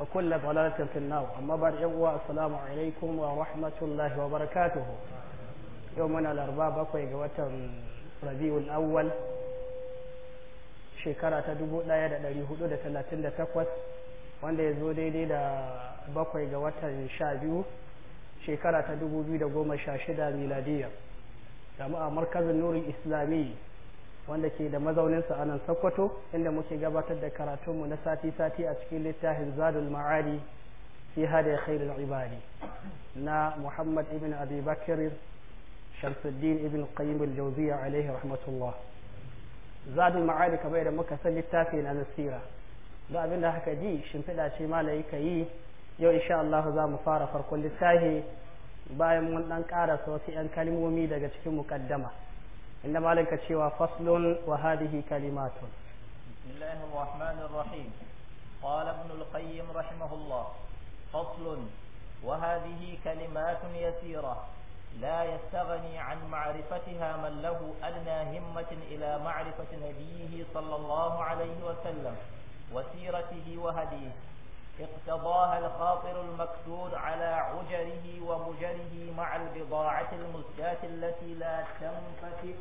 وكل ضلالة في النار أما بعد إخوة السلام عليكم ورحمة Yau وبركاته يومنا الأربعاء ga watan ربيع الأول shekara ta dubu ɗaya da ɗari hudu da talatin da takwas wanda ya zo daidai da bakwai ga watan sha biyu shekara ta dubu biyu da goma sha shida miladiya jama'a markazin nurin islami wanda ke da mazauninsa a nan Sokoto inda muke gabatar da karatunmu na sati-sati a cikin littafin Zadul Ma'adi fi hada khairul ibadi na Muhammad ibn Abi Bakr Shamsuddin ibn Qayyim al-Jawziyya alaihi rahmatullah Zadul Ma'adi kamar da muka san littafi na nasira da abin haka ji shimfiɗa ce malai ka yi yau insha Allah za mu fara farkon littafi bayan mun dan karasa wasu 'yan kalmomi daga cikin muƙaddama. عندما لك شوى فصل وهذه كلمات بسم الله الرحمن الرحيم قال ابن القيم رحمه الله فصل وهذه كلمات يسيرة لا يستغني عن معرفتها من له أدنى همة إلى معرفة نبيه صلى الله عليه وسلم وسيرته وهديه اقتضاها الخاطر المكسور على عجره ومجره مع البضاعة المزجاة التي لا تنفتح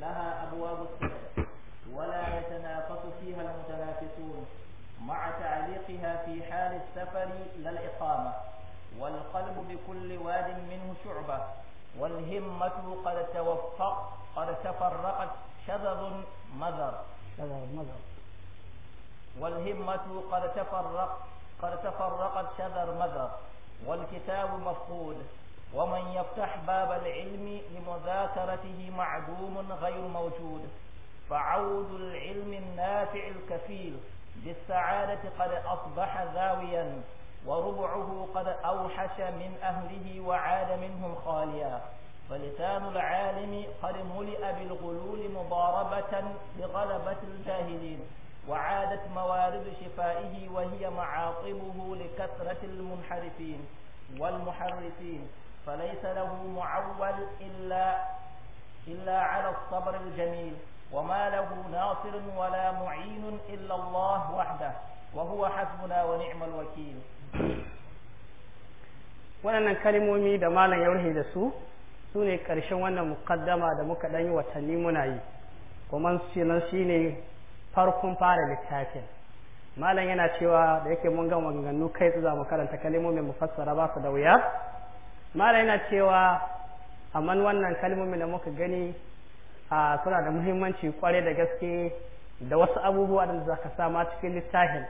لها أبواب السلم ولا يتنافس فيها المتنافسون مع تعليقها في حال السفر لا الإقامة والقلب بكل واد منه شعبة والهمة قد توفق قد تفرقت شذر مذر شذر مذر والهمة قد تفرق قد تفرقت شذر مذر والكتاب مفقود ومن يفتح باب العلم لمذاكرته معدوم غير موجود فعود العلم النافع الكفيل بالسعادة قد أصبح ذاويا وربعه قد أوحش من أهله وعاد منهم خاليا فلسان العالم قد ملئ بالغلول مضاربة لغلبة الجاهلين وعادت موارد شفائه وهي معاقبه لكثرة المنحرفين والمحرفين فليس له معول إلا, إلا على الصبر الجميل وما له ناصر ولا معين إلا الله وحده وهو حسبنا ونعم الوكيل waɗannan kalmomi da malam ya rufe da su su ne ƙarshen wannan mukaddama da muka ɗan yi watanni muna yi kuma sunan shi ne farkon fara littafin malam yana cewa da yake mun ga maganganu kai su mu karanta kalmomin mufassara ba su da wuya malam yana cewa amma wannan kalmomin da muka gani a suna da muhimmanci kwarai da gaske da wasu abubuwa da za ka sama cikin littafin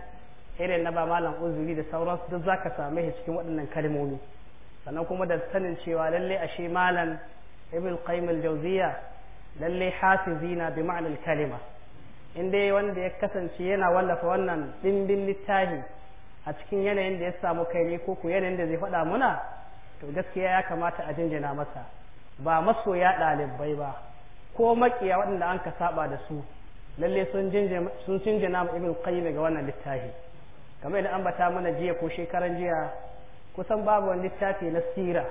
irin na ba malam uzuri da sauransu duk za ka same shi cikin waɗannan kalimomi sannan kuma da sanin cewa lalle ashe malam ibn qayyim al-jawziya lalle hafizina bi ma'anar kalima in dai wanda ya kasance yana wallafa wannan dimbin littafi a cikin yanayin da ya samu kai ne ko ku yanayin da zai faɗa muna to gaskiya ya kamata a jinjina masa ba masoya ɗalibai ba ko makiya waɗanda an ka saba da su lalle sun jinjina ma ibn qayyim ga wannan littafi kamar idan ambata mana jiya ko shekaran jiya kusan babu wani littafi na sira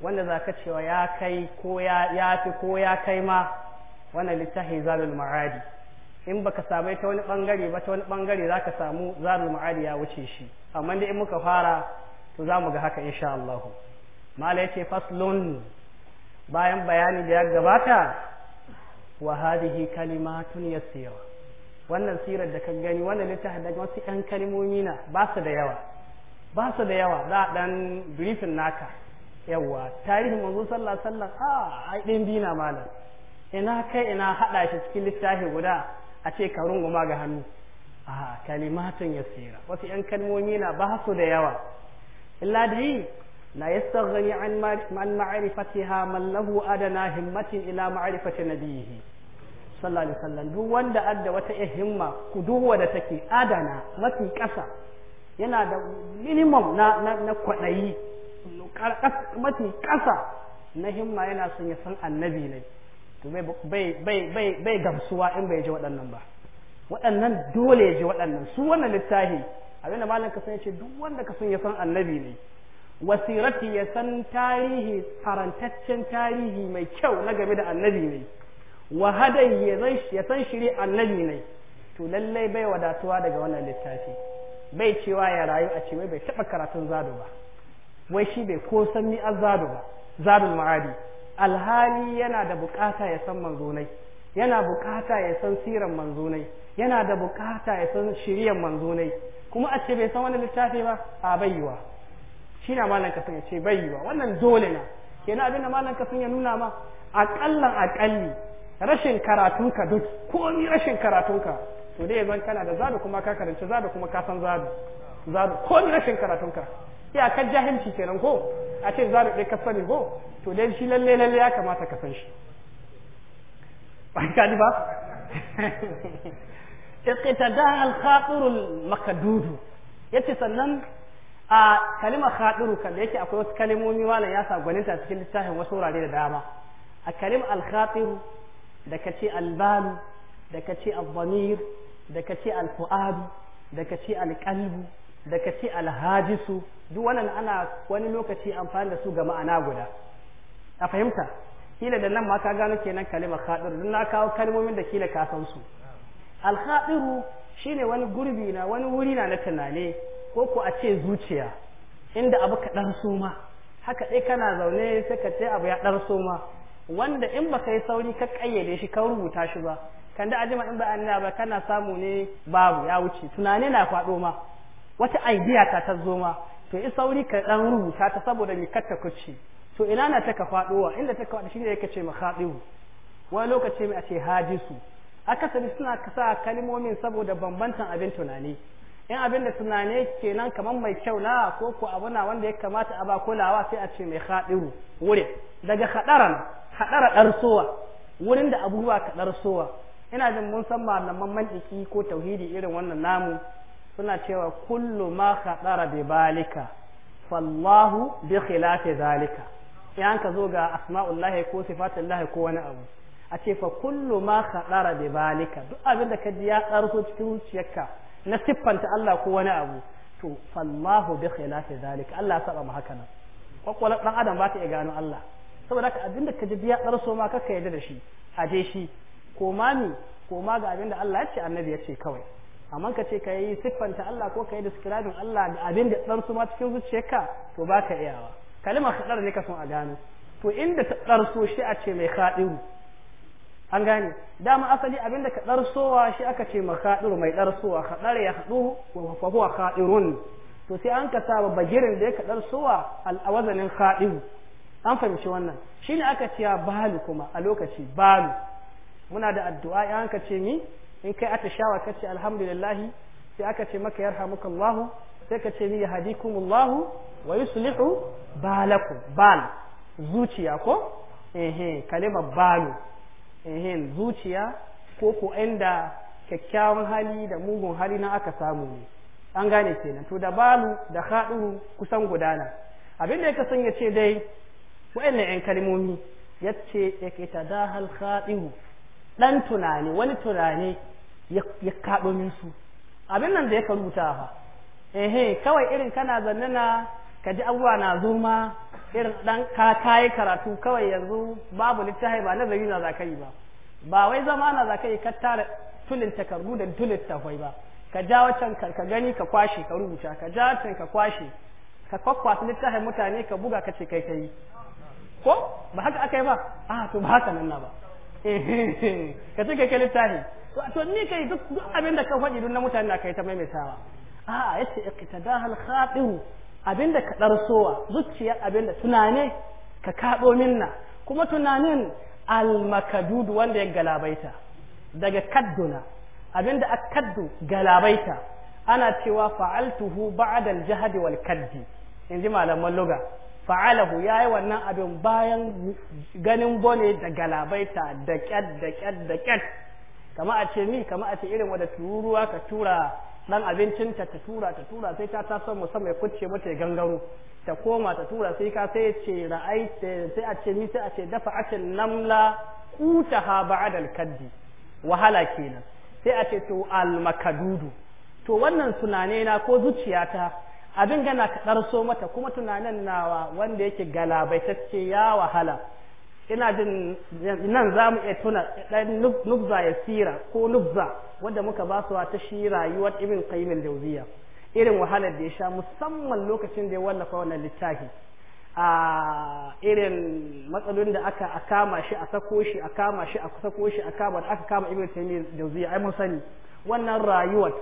wanda za ka cewa ya kai ko ya fi ko ya kai ma wannan littafi zalul ma'adi in baka same ta wani bangare ba ta wani bangare ka samu zarul ma'adi ya wuce shi amma dai in muka fara to za mu ga haka insha Allah mala yake faslun bayan bayani da ya gabata wa hadhihi kalimatun yasira wannan sirar da kan gani wannan littafin da wasu ɗan kalmomi na ba su da yawa ba su da yawa za a ɗan briefin naka yawa tarihin manzo sallah wasallam a ah, ai din dina malam ina kai ina hada shi cikin littafi guda a ce ka runguma ga hannu a kalimatun tsira. wasu yan kalmomi na ba su da yawa illa da yi la yastaghni an man ma'rifatiha man lahu adana himmatin ila ma'rifati nabiyhi sallallahu alaihi wasallam duk wanda adda wata himma kuduwa da take adana mafi kasa yana da minimum na na, na kwadayi mafi kasa na himma yana son ya san annabi ne to bai gamsuwa in bai ji waɗannan ba waɗannan dole ya ji waɗannan su wannan littafi abin da malam kasan yace ce duk wanda kasan ya san annabi ne wasirati ya san tarihi farantaccen tarihi mai kyau na game da annabi ne wahadai ya san shiri annabi ne to lallai bai wadatuwa daga wannan littafi bai cewa ya rayu a cewa bai taɓa karatun zado ba wai shi bai ko san ni azzado ba zadul ma'adi alhali yana da bukata ya san manzonai yana bukata ya san siran manzonai yana da bukata ya san shiryan manzonai kuma a ce bai san wani littafi ba a bayyuwa shi na malan kasan ya ce bayyuwa wannan dole na kenan abin da malan kasan ya nuna ma aƙallan aƙalli rashin karatunka duk komi rashin karatunka to dai zan kana da zabi kuma ka karanci zabi kuma ka san zabi zanu ko ni rashin karatun ka iyakar jahilci kenan ko a ce zanu ɗaya ka sani ko to dai shi lalle lalle ya kamata ka san shi ba ka ji ba iqtada al khatir al makadudu yace sannan a kalimar khadiru kan da yake akwai wasu kalimomi wala ya sa gwaninta cikin littafin wasu wurare da dama a kalim al khatiru da kace al balu da kace al dhamir da kace al fuadu da kace al qalbu da ka ce alhajisu duk wannan ana wani lokaci amfani da su ga ma'ana guda a fahimta kila da nan ma ka gano kenan kalimar khadir don na kawo kalmomin da kila ka san su alhadiru shine wani gurbi na wani wuri na na tunani ko ku a ce zuciya inda abu ka dan soma haka dai kana zaune sai ka ce abu ya dan soma wanda in baka yi sauri ka kayyade shi ka rubuta shi ba kan da ajima in ba an ba kana samu ne babu ya wuce tunani na kwado ma wata idea ta ta zo ma to in sauri ka dan rubuta ta saboda mi katta kuce to ina na taka ka faɗowa inda ta ka faɗo shine yake ce makhadihu wani lokaci mai a ce hajisu akasari suna kasa kalmomin saboda bambantan abin tunani in abin da tunane kenan kamar mai kyau na ko ko abu na wanda ya kamata a ba kulawa sai a ce mai haɗiru wuri daga haɗaran haɗara ɗarsowa wurin da abubuwa ka ɗarsowa ina jin mun san malaman mantiki ko tauhidi irin wannan namu suna cewa kullu ma khadara bi balika fallahu bi khilafi zalika in ka zo ga asma'ullahi ko sifatullahi ko wani abu a ce fa kullu ma khadara bi balika duk abin da ka ji ya cikin zuciyarka na siffanta Allah ko wani abu to fallahu bi khilafi zalika Allah saba mu haka nan kwakwalar dan adam ba ta iya gano Allah saboda haka abin da ka ji ya tsarso ma kaka yarda da shi aje shi ko ma ni ko ma ga abin da Allah ya ce annabi ya ce kawai amma ka ce ka yi siffanta Allah ko ka yi describing Allah da abin da tsarsu ma cikin zuciyarka to ba ka iyawa kalimar haɗar ne ka son a gano to inda ta shi a ce mai khadiru an gane dama asali abin da ka ɗarsowa shi aka ce ma khadiru mai ɗarsowa haɗar ya hadu wa huwa haɗirun to sai an ka saba bagirin da ya ka al awazanin khadiru an fahimci wannan shine aka ce balu kuma a lokaci balu muna da addu'a an ka ce ni in kai atashawa kace alhamdulillah sai aka ce maka yarhamukallahu sai ka ce ni yahdikumullahu wa yuslihu balaku bal zuciya ko ehe kalima balu ehe zuciya ko ko inda kyakkyawan hali da mugun hali na aka samu ne an gane kenan to da balu da haɗu kusan gudana abin da ya kasan ya ce dai wa'annan yan kalmomi yace yake ya ke ta ɗan tunani wani tunani ya kaɗo min su abin nan da ya rubuta fa ehe kawai irin kana zanne na ka ji abubuwa na zo ma irin dan ka kayi karatu kawai yanzu babu littafi ba nazari na za ka yi ba ba wai zama na za ka yi ka tara tulin takardu da tulin tafai ba ka ja wacan ka gani ka kwashe ka rubuta ka ja wacan ka kwashe ka kwakwasa littafin mutane ka buga ka ce kai ka yi ko ba haka aka yi ba a ah, to ba haka nan na ba ka ce kai kai littafi to ni kai duk abin da ka faɗi duk na mutane na kai ta maimaitawa a'a yace iqtidahal khatiru abin da ka darsowa zuciyar abin da tunane ka kaɓo minna kuma tunanin Almakadudu wanda ya galabaita daga kadduna abin da akaddu galabaita ana cewa fa'altuhu ba'da al-jahd wal kaddi inji malaman lugha fa'alahu yayi wannan abin bayan ganin bone da galabaita da kyad da kyad da kyad kama a ce mi kama a ce irin wadda tururuwa ka tura dan abincinta ta tura ta tura sai ta taso musamman ya kucce mata ya gangaro ta koma ta tura sai ka sai ce ra'ai sai a ce mi sai a ce dafa atin namla kuta ha ba'adar kaddi wahala kenan sai a ce to al to wannan tunane na ko zuciyata abin gana ka darso mata kuma tunanin nawa wanda yake galabaitacce ya wahala ina jin nan za mu iya tuna ɗan nubza ya sira ko nubza wadda muka ba su ta shi rayuwar ibin kaimin dauziya irin wahalar da ya sha musamman lokacin da ya wallafa wannan littafi a irin matsalolin da aka a kama shi a sako shi a kama shi a sako shi a kama da aka kama ibin kaimin dauziya ai mun sani wannan rayuwar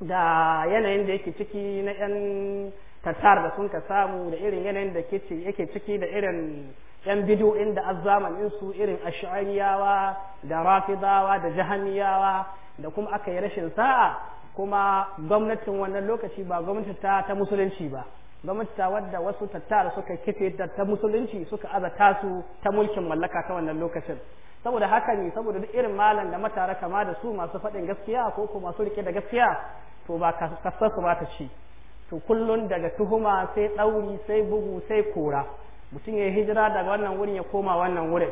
da yanayin da yake ciki na yan tattara da sun ka samu da irin yanayin da yake ciki da irin yan bidoyin da azzamanin su irin ash'ariyawa da rafidawa da jahamiyawa da kuma aka yi rashin sa'a kuma gwamnatin wannan lokaci ba gwamnati ta ta musulunci ba gwamnati ta wadda wasu tattara suka kife da ta musulunci suka aza tasu ta mulkin mallaka ta wannan lokacin saboda haka ne saboda duk irin malam da matara kama da su masu faɗin gaskiya ko ko masu rike da gaskiya to ba kasar su ba ta ci to kullun daga tuhuma sai ɗauri sai bugu sai kora mutum ya hijira daga wannan wurin ya koma wannan wurin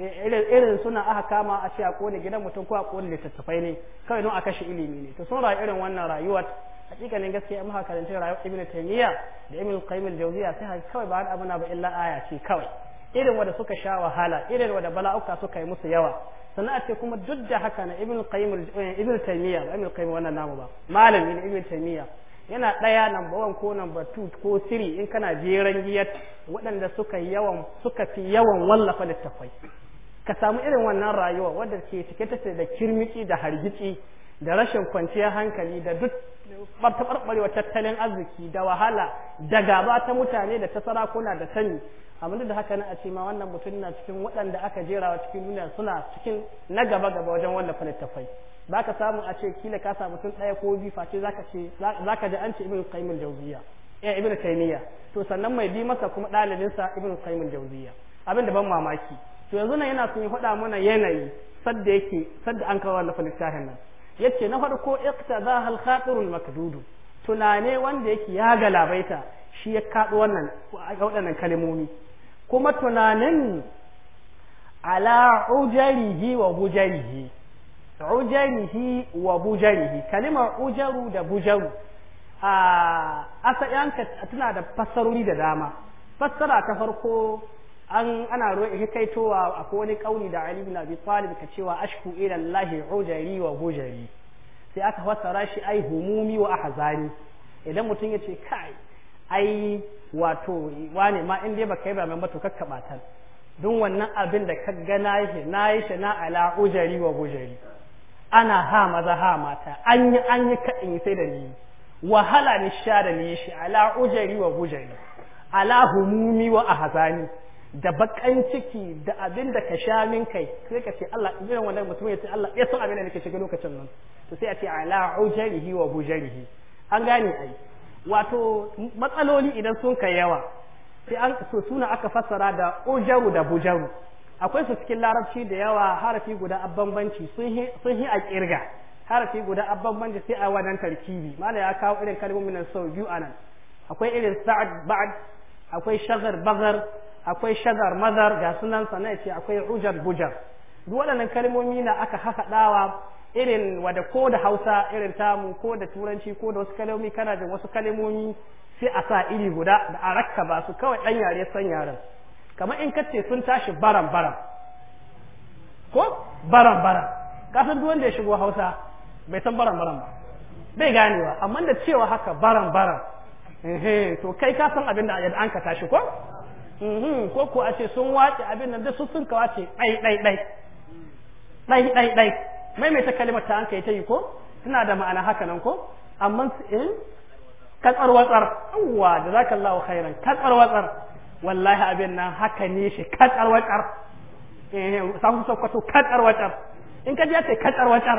eh, irin suna aka kama a ce a kone gidan mutum ko a kone littattafai ne kawai nun a kashe ilimi ne to sun rayu irin wannan rayuwar hakikanin gaskiya in makarantun rayuwar ibn taymiya da ibn qayyim al-jawziya sai kawai ba abu na ba illa aya ce kawai irin wanda suka sha wahala irin wanda bala'uka suka yi musu yawa sannan a ce kuma duk da haka na ibn qayyim eh, ibn taymiya ibn qayyim wannan namu ba malami ibn taymiya yana ɗaya number one ko number two ko three in kana jeran giyar waɗanda suka yawan suka fi yawan wallafa littafai ka samu irin wannan rayuwa wadda ke cike ta da kirmiki da hargitsi da rashin kwanciyar hankali da duk taɓarɓarewa tattalin arziki da wahala da gaba ta mutane da ta sarakuna da sani amma duk da haka na a ce ma wannan mutum na cikin waɗanda aka jerawa cikin duniya suna cikin na gaba gaba wajen wallafa littafai Zaka ka samu a ce kila ka samu tun ɗaya ko biyu face za ka ce za ka ji an ce ibn qayyim jawziya eh ibn taymiya to sannan mai bi masa kuma ɗalibinsa ibn qayyim al-jawziya abin da ban mamaki to yanzu nan yana son yi faɗa mana yanayi sadda yake sadda an kawo wannan littafin nan yace na farko iqtadaha za khatir al-makdud tunane wanda yake ya galabaita shi ya kaɗo wannan waɗannan kalmomi kuma tunanin ala ujarihi wa hujarihi ujarihi wa bujarihi kalimar ujaru da bujaru a asa yanka tana da fassarori da dama fassara ta farko an ana kai towa akwai wani kauni da Ali bin Abi Talib ka cewa ashku ila Allah ujari wa bujari sai aka fassara shi ai humumi wa ahzani idan mutum ya ce kai ai wato wane ma in dai baka yi ba mai mato kakkaɓatan dun wannan abin da ka ga na yi na yi shi na ala ujari wa bujari ana ha maza ha mata an yi an yi kaɗin sai da ni wahala ni sha da ni shi ala ujari wa hujari ala humumi wa ahazani da bakan ciki da abin da ka sha min kai sai ka ce Allah ina wannan mutum ya ce Allah ya san abin da nake shiga lokacin nan to sai a ce ala ujarihi wa bujarihi an gane ai wato matsaloli idan sun kai yawa sai an so suna aka fassara da ujaru da bujaru akwai su cikin larabci da yawa harafi guda a bambanci sun yi a kirga harafi guda a bambanci sai a wadan tarkibi mana ya kawo irin kalmomin na sau biyu a nan. akwai irin sa'ad ba'ad akwai shagar bazar akwai shagar mazar ga sunan sana ce akwai ujar bujar duk waɗannan kalmomi na aka ɗawa irin wada ko da hausa irin tamu ko da turanci ko da wasu kalmomi kana da wasu kalmomi sai a sa iri guda da a rakka ba su kawai ɗan yare san yaren kamar in kace sun tashi baran baran ko baran baran kasan duk wanda ya shigo Hausa bai san baran baran ba bai wa amma da cewa haka baran baran eh to kai ka san abin da an ka tashi ko ko ko a ce sun wace abin nan da su sun ka wace dai dai dai dai dai dai ta kalmar ta an kai ta yi ko tana da ma'ana haka nan ko amma in eh, katsar watsar awwa jazakallahu khairan katsar watsar wallahi abin nan haka ne shi katsar wacar eh samu sokoto katsar wacar in ka ji sai katsar wacar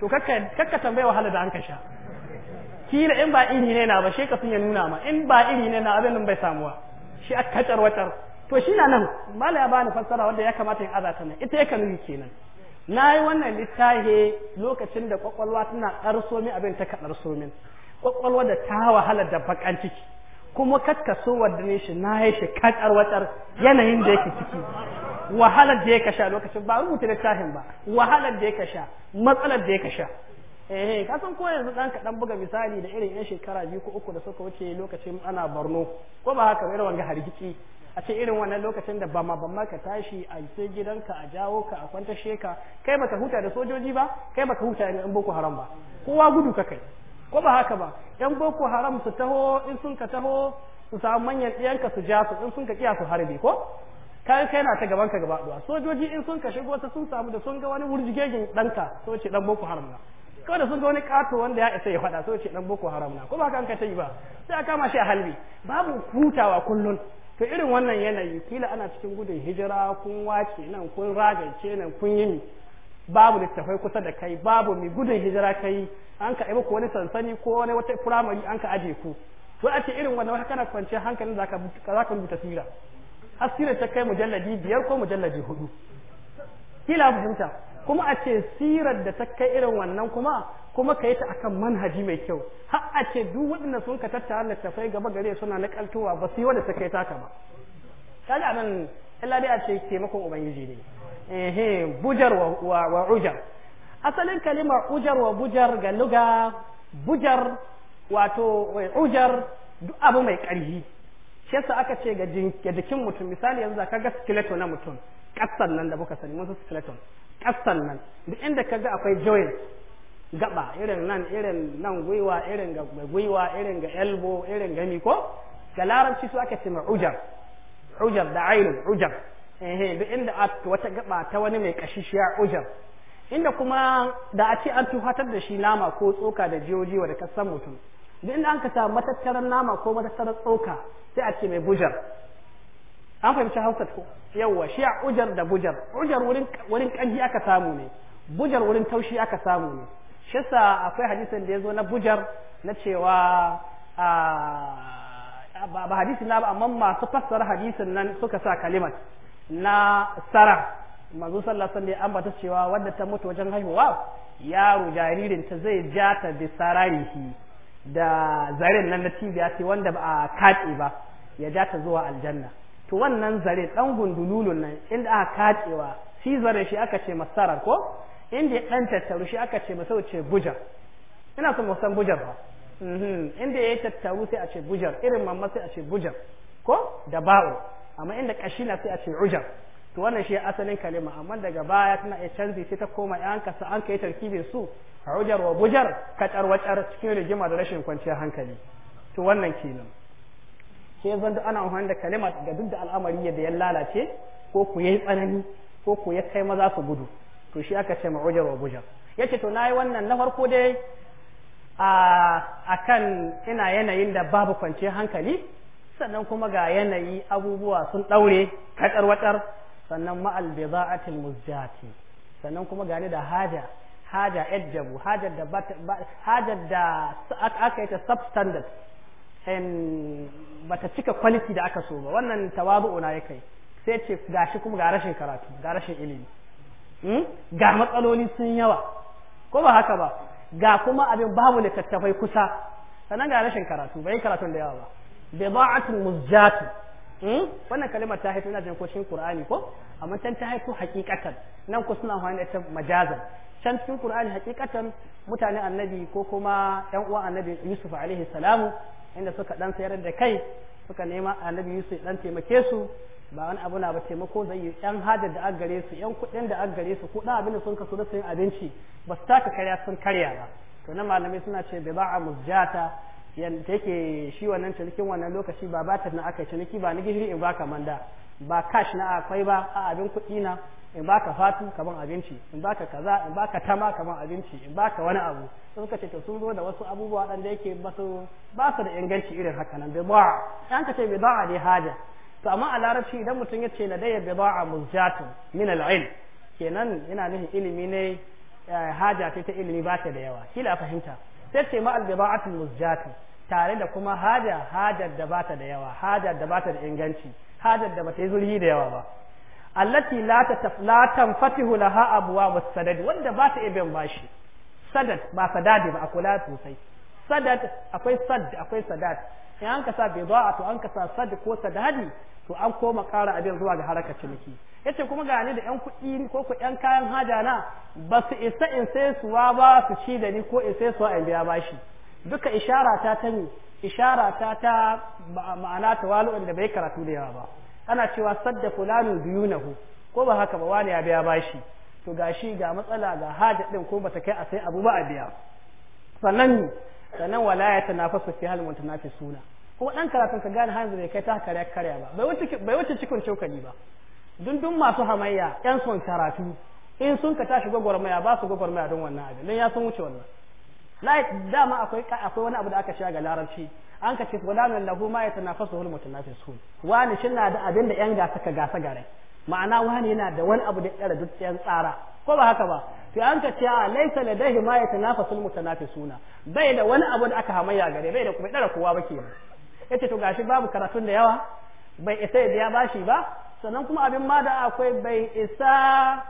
to kakka kakka tambaye wahala da an ka sha kila in ba iri ne na ba shi ka sun ya nuna ma in ba iri ne na abin nan bai samuwa shi a katsar wacar to shi na nan mala ya bani fassara wanda ya kamata in azata nan ita yake nuni kenan na yi wannan littafi lokacin da kwakwalwa tana karso min abin ta ka min kwakwalwa da ta wahala da bakan ciki kuma kakkaso wadda ne shi na ya shi kakar yanayin da yake ciki wahalar da ya kasha lokacin ba rubuta tahin ba wahalar da ya kasha matsalar da ya kasha eh ka san ko yanzu dan kaɗan buga misali da irin yan shekara biyu ko uku da suka wuce lokacin ana barno ko ba haka irin wanga hargitsi a ce irin wannan lokacin da bama bama ka tashi a sai gidanka a jawo ka a kwanta sheka kai baka huta da sojoji ba kai baka huta da yan boko haram ba kowa gudu ka kai ko ba haka ba yan boko haram su taho in sun ka taho su samu manyan ɗiyanka su ja su in sun ka kiya su harbi ko kayan kai na ta gaban ka gaba ɗuwa sojoji in sun ka shigo ta sun samu da sun ga wani wurjigegin ɗanka so ce ɗan boko haram na kawai da sun ga wani ƙato wanda ya isa ya faɗa so ce ɗan boko haram na ko ba haka an ka ta yi ba sai a kama shi a halbi babu hutawa kullum to irin wannan yanayi kila ana cikin gudun hijira kun wace nan kun ragance nan kun yini babu littafai kusa da kai babu mai gudun hijira kai an ka muku wani sansani ko wani wata firamari an ka aje ku to a ce irin wanda wata kana kwanciyar hankalin zaka zaka rubuta sira har sirar ta kai mujalladi biyar ko mujalladi hudu kila fahimta kuma a ce sirar da ta kai irin wannan kuma kuma ka yi ta akan manhaji mai kyau har a ce duk waɗanda sun ka tattara littafai gaba gare suna na kaltowa ba su yi wanda ta kai taka ba kaga anan illa dai a ce taimakon ubangiji ne ehe bujar wa wa ujar asalin kalimar ujar wa bujar ga luga bujar wato eh, ujar duk abu mai ƙarfi shi yasa aka ce ga jikin mutum misali yanzu ka ga skeleton na mutum kassan nan da buka sani musu skeleton kassan nan duk inda ka ga akwai joint gaba irin nan irin nan gwiwa irin ga gwiwa irin ga elbow irin ga ko ga larabci su aka ce ma ujar ujar da ainihin ujar ehe duk inda wata gaba ta wani mai kashishiyar ujar inda kuma da a ce an tuhatar da shi nama ko tsoka da jiyoji wa da kasan mutum duk inda an ka matattarar nama ko matattarar tsoka sai a ce mai bujar an fahimci hausa ko yawwa shi a ujar da bujar ujar wurin kanji aka samu ne bujar wurin taushi aka samu ne shi akwai hadisin da ya zo na bujar na cewa a ba hadisi na ba amma masu fassara hadisin nan suka sa kalimat na sara mazu sallallahu alaihi wasallam ambata cewa wanda ta mutu wajen haihuwa yaro jaririn ta zai ja ta bi sararihi da zarin nan na cibiya ce wanda ba a kaɗe ba ya ja ta zuwa aljanna to wannan zare ɗan gundululun nan inda aka kaɗewa shi zare shi aka ce masarar ko inda ɗan tattaru shi aka ce masau ce buja ina son san bujar ba mhm. inda ya yi tattaru sai a ce bujar irin mamma sai a ce bujar ko da ba'u amma inda kashi na sai a ce ujar to wannan shi asalin kalima amma daga baya tana iya canzi sai ta koma an kasa an kai tarkibin su ujar wa bujar kacar wacar cikin rigima da rashin kwanciyar hankali to wannan kenan sai zan ana amfani da kalima ga duk da al'amari yadda ya lalace ko ku yi tsanani ko ku ya kai maza su gudu to shi aka ce ma ujar wa bujar yace to na yi wannan na farko dai a akan ina yanayin da babu kwanciyar hankali sannan kuma ga yanayi abubuwa sun ɗaure katar watar sannan ma'al bida'atil muzjati sannan kuma gani da haja haja ejjabu hajar da da aka yi ta substandard in bata cika quality da aka so ba wannan tawadu'u na kai sai ce gashi kuma ga rashin karatu ga rashin ilimi hmm? ga matsaloli sun yawa ko ba haka ba ga kuma abin babu tattafai kusa sannan ga rashin karatu bai karatun da yawa ba bida'atun hmm wannan kalmar ta haifu ina jin ko shin Qur'ani ko amma tan ta haifa hakikatan nan ko suna hawa ta majazan can cikin Qur'ani hakikatan mutanen annabi ko kuma ƴan uwan annabi Yusuf alaihi salamu inda suka dan sayar da kai suka nema annabi Yusuf dan taimake su ba wani abu na ba taimako zai yi yan hada da agare su yan kuɗin da agare gare su ko abin da sun kasu da sayan abinci ba su taka karya sun karya ba to nan malamai suna ce bai ba'a muzjata yadda yake shi wannan cinikin wannan lokaci ba batar na aka ciniki ba na gishiri in baka manda ba cash na akwai ba a abin kuɗi na in baka fatu kaman abinci in baka kaza in baka tama kaman abinci in baka wani abu sun ka ce to sun zo da wasu abubuwa waɗanda yake ba su ba su da inganci irin haka nan bida'a an ka ce bida'a ne haja to amma a larabci idan mutum ya ce ladayya bida'a muzjatun min al-ilm kenan yana nufin ilimi ne eh, haja ce ta ilimi ba ta da yawa kila fahimta sai ce ma albiba'atul muzjati tare da kuma haja hajar da bata da yawa hajar da bata da inganci hajar da bata yi zurhi da yawa ba allati la ta la tanfatihu laha abwaab as-sadad wanda ba ta iya bashi sadad ba sadadi ba akula sosai sadad akwai sad akwai sadad in an kasa bai bida'a to an kasa sad ko hadi to an koma kara abin zuwa ga harkar ciniki yace kuma ga ni da yan kuɗi ko ku yan kayan haja na ba su isa in sai suwa ba su ci da ni ko in sai suwa in biya bashi duka ishara ta ta ni ishara ta ta ma'ana tawalu'un da bai karatu da yawa ba ana cewa sadda biyu biyunahu ko ba haka ba wani ya biya bashi to gashi ga matsala ga haja din ko ba ta kai a sai abu ba a biya sannan sannan wala ya su fi hal suna kuma dan karatun ka gane hanzu bai kai ta karya karya ba bai wuce cikin cokali ba dundun masu hamayya yan son karatu in sun ka tashi gwagwarmaya ba su gwagwarmaya don wannan abin don ya sun wuce wannan lai dama akwai wani abu da aka shiga ga larabci an ka ce fulanun lahu ma yatanafasu hul mutanafisun wani shin na da abin da yan gasa ka gasa gare ma'ana wani yana da wani abu da ya duk yan tsara ko ba haka ba sai an ka ce a laisa ladaihi ma fi suna bai da wani abu da aka hamayya gare bai da kuma ɗara kowa ba ke ya ce to gashi babu karatun da yawa bai isa ya biya bashi ba sannan kuma abin ma da akwai bai isa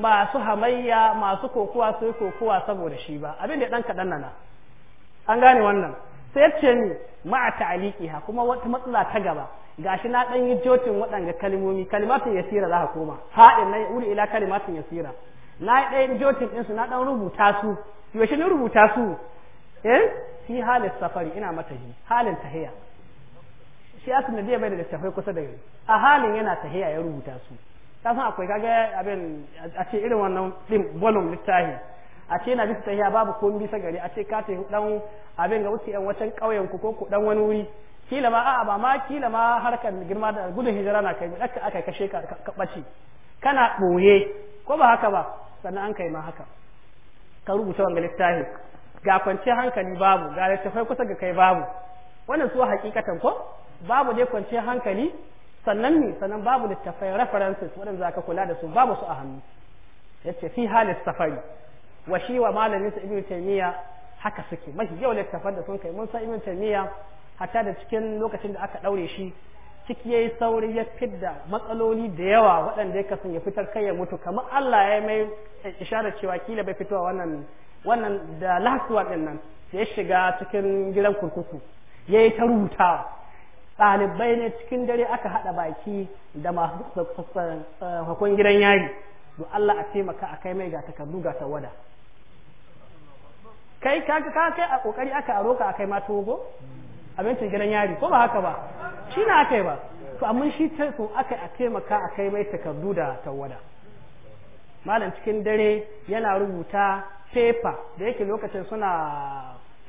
masu hamayya masu kokowa su yi kokowa saboda shi ba abin da dan kaɗan nana an gane wannan sai yace ni a ta’aliki ha kuma wata matsala ta gaba gashi na ɗan yi jotin waɗanga kalimomi kalimatin yasira za ka koma haɗin na ila kalimatin yasira na yi ɗayan jotin ɗinsu na ɗan rubuta su yaushe ni rubuta su eh fi halin safari ina mata ji halin tahiya shi asin da bai da littafai kusa da gari a halin yana tahiya ya rubuta su Ta san akwai kaga abin a ce irin wannan ɗin bolum littafi. a ce yana bisa tahiya babu ko bisa gari a ce katin ɗan abin ga wuce yan wacan ƙauyen ku ko ku ɗan wani wuri kila ma a'a ba ma kila ma harkar girma da gudun hijira na kai aka kashe ka bace kana ɓoye ko ba haka ba sannan an kai ma haka ka rubuta wanga littafin ga kwanciyar hankali babu ga littafai kusa ga kai babu wannan su hakikatan ko babu dai kwanciyar hankali sannan ne sannan babu littafai references waɗanda za ka kula da su babu su a hannu yace fi halin safari wa shi wa malamin sa ibnu taymiya haka suke mafi yau littafan da sun kai mun san ibnu taymiya hatta da cikin lokacin da aka daure shi ciki ya yi sauri ya fidda matsaloli da yawa waɗanda ya kasan ya fitar kai ya mutu kamar Allah ya mai ishara cewa kila bai fitowa wannan wannan da lasuwa din nan ya shiga cikin gidan kurkuku ya yi ta rubuta ɗalibai ne cikin dare aka haɗa baki da masu hakon gidan yari don Allah a taimaka a kai mai ga takardu ga tawada kai ka kai a kokari aka aro ka a kai ma togo abincin gidan yari ko ba haka ba shi na aka yi ba to amma shi ta so aka a taimaka a kai mai takardu da tawada malam cikin dare yana rubuta paper da yake lokacin suna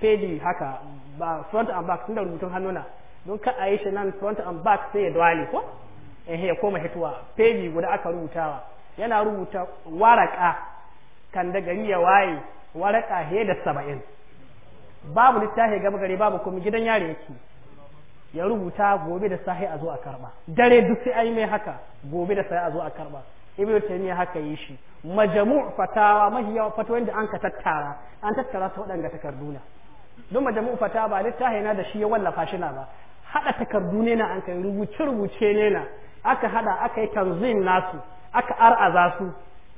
peji haka ba front and back tun da rubutun hannuna don ka a yi shi nan front and back sai ya dwale ko eh ya koma hituwa peji guda aka rubutawa yana rubuta waraka kan da gari ya waye waraka he da saba'in babu littafi gaba gari babu kuma gidan yare yake ya rubuta gobe da sahi a zo a karba dare duk sai ai mai haka gobe da sahi a zo a karba ibnu taymiya haka yi shi majmu' fatawa mahiya fatawa da an ka tattara an tattara su waɗanga takarduna don majmu' fatawa ba littafi na da shi ya wallafa shi na ba hada takardu ne na an kai rubuce rubuce ne na aka hada aka yi tanzim nasu aka ar'aza su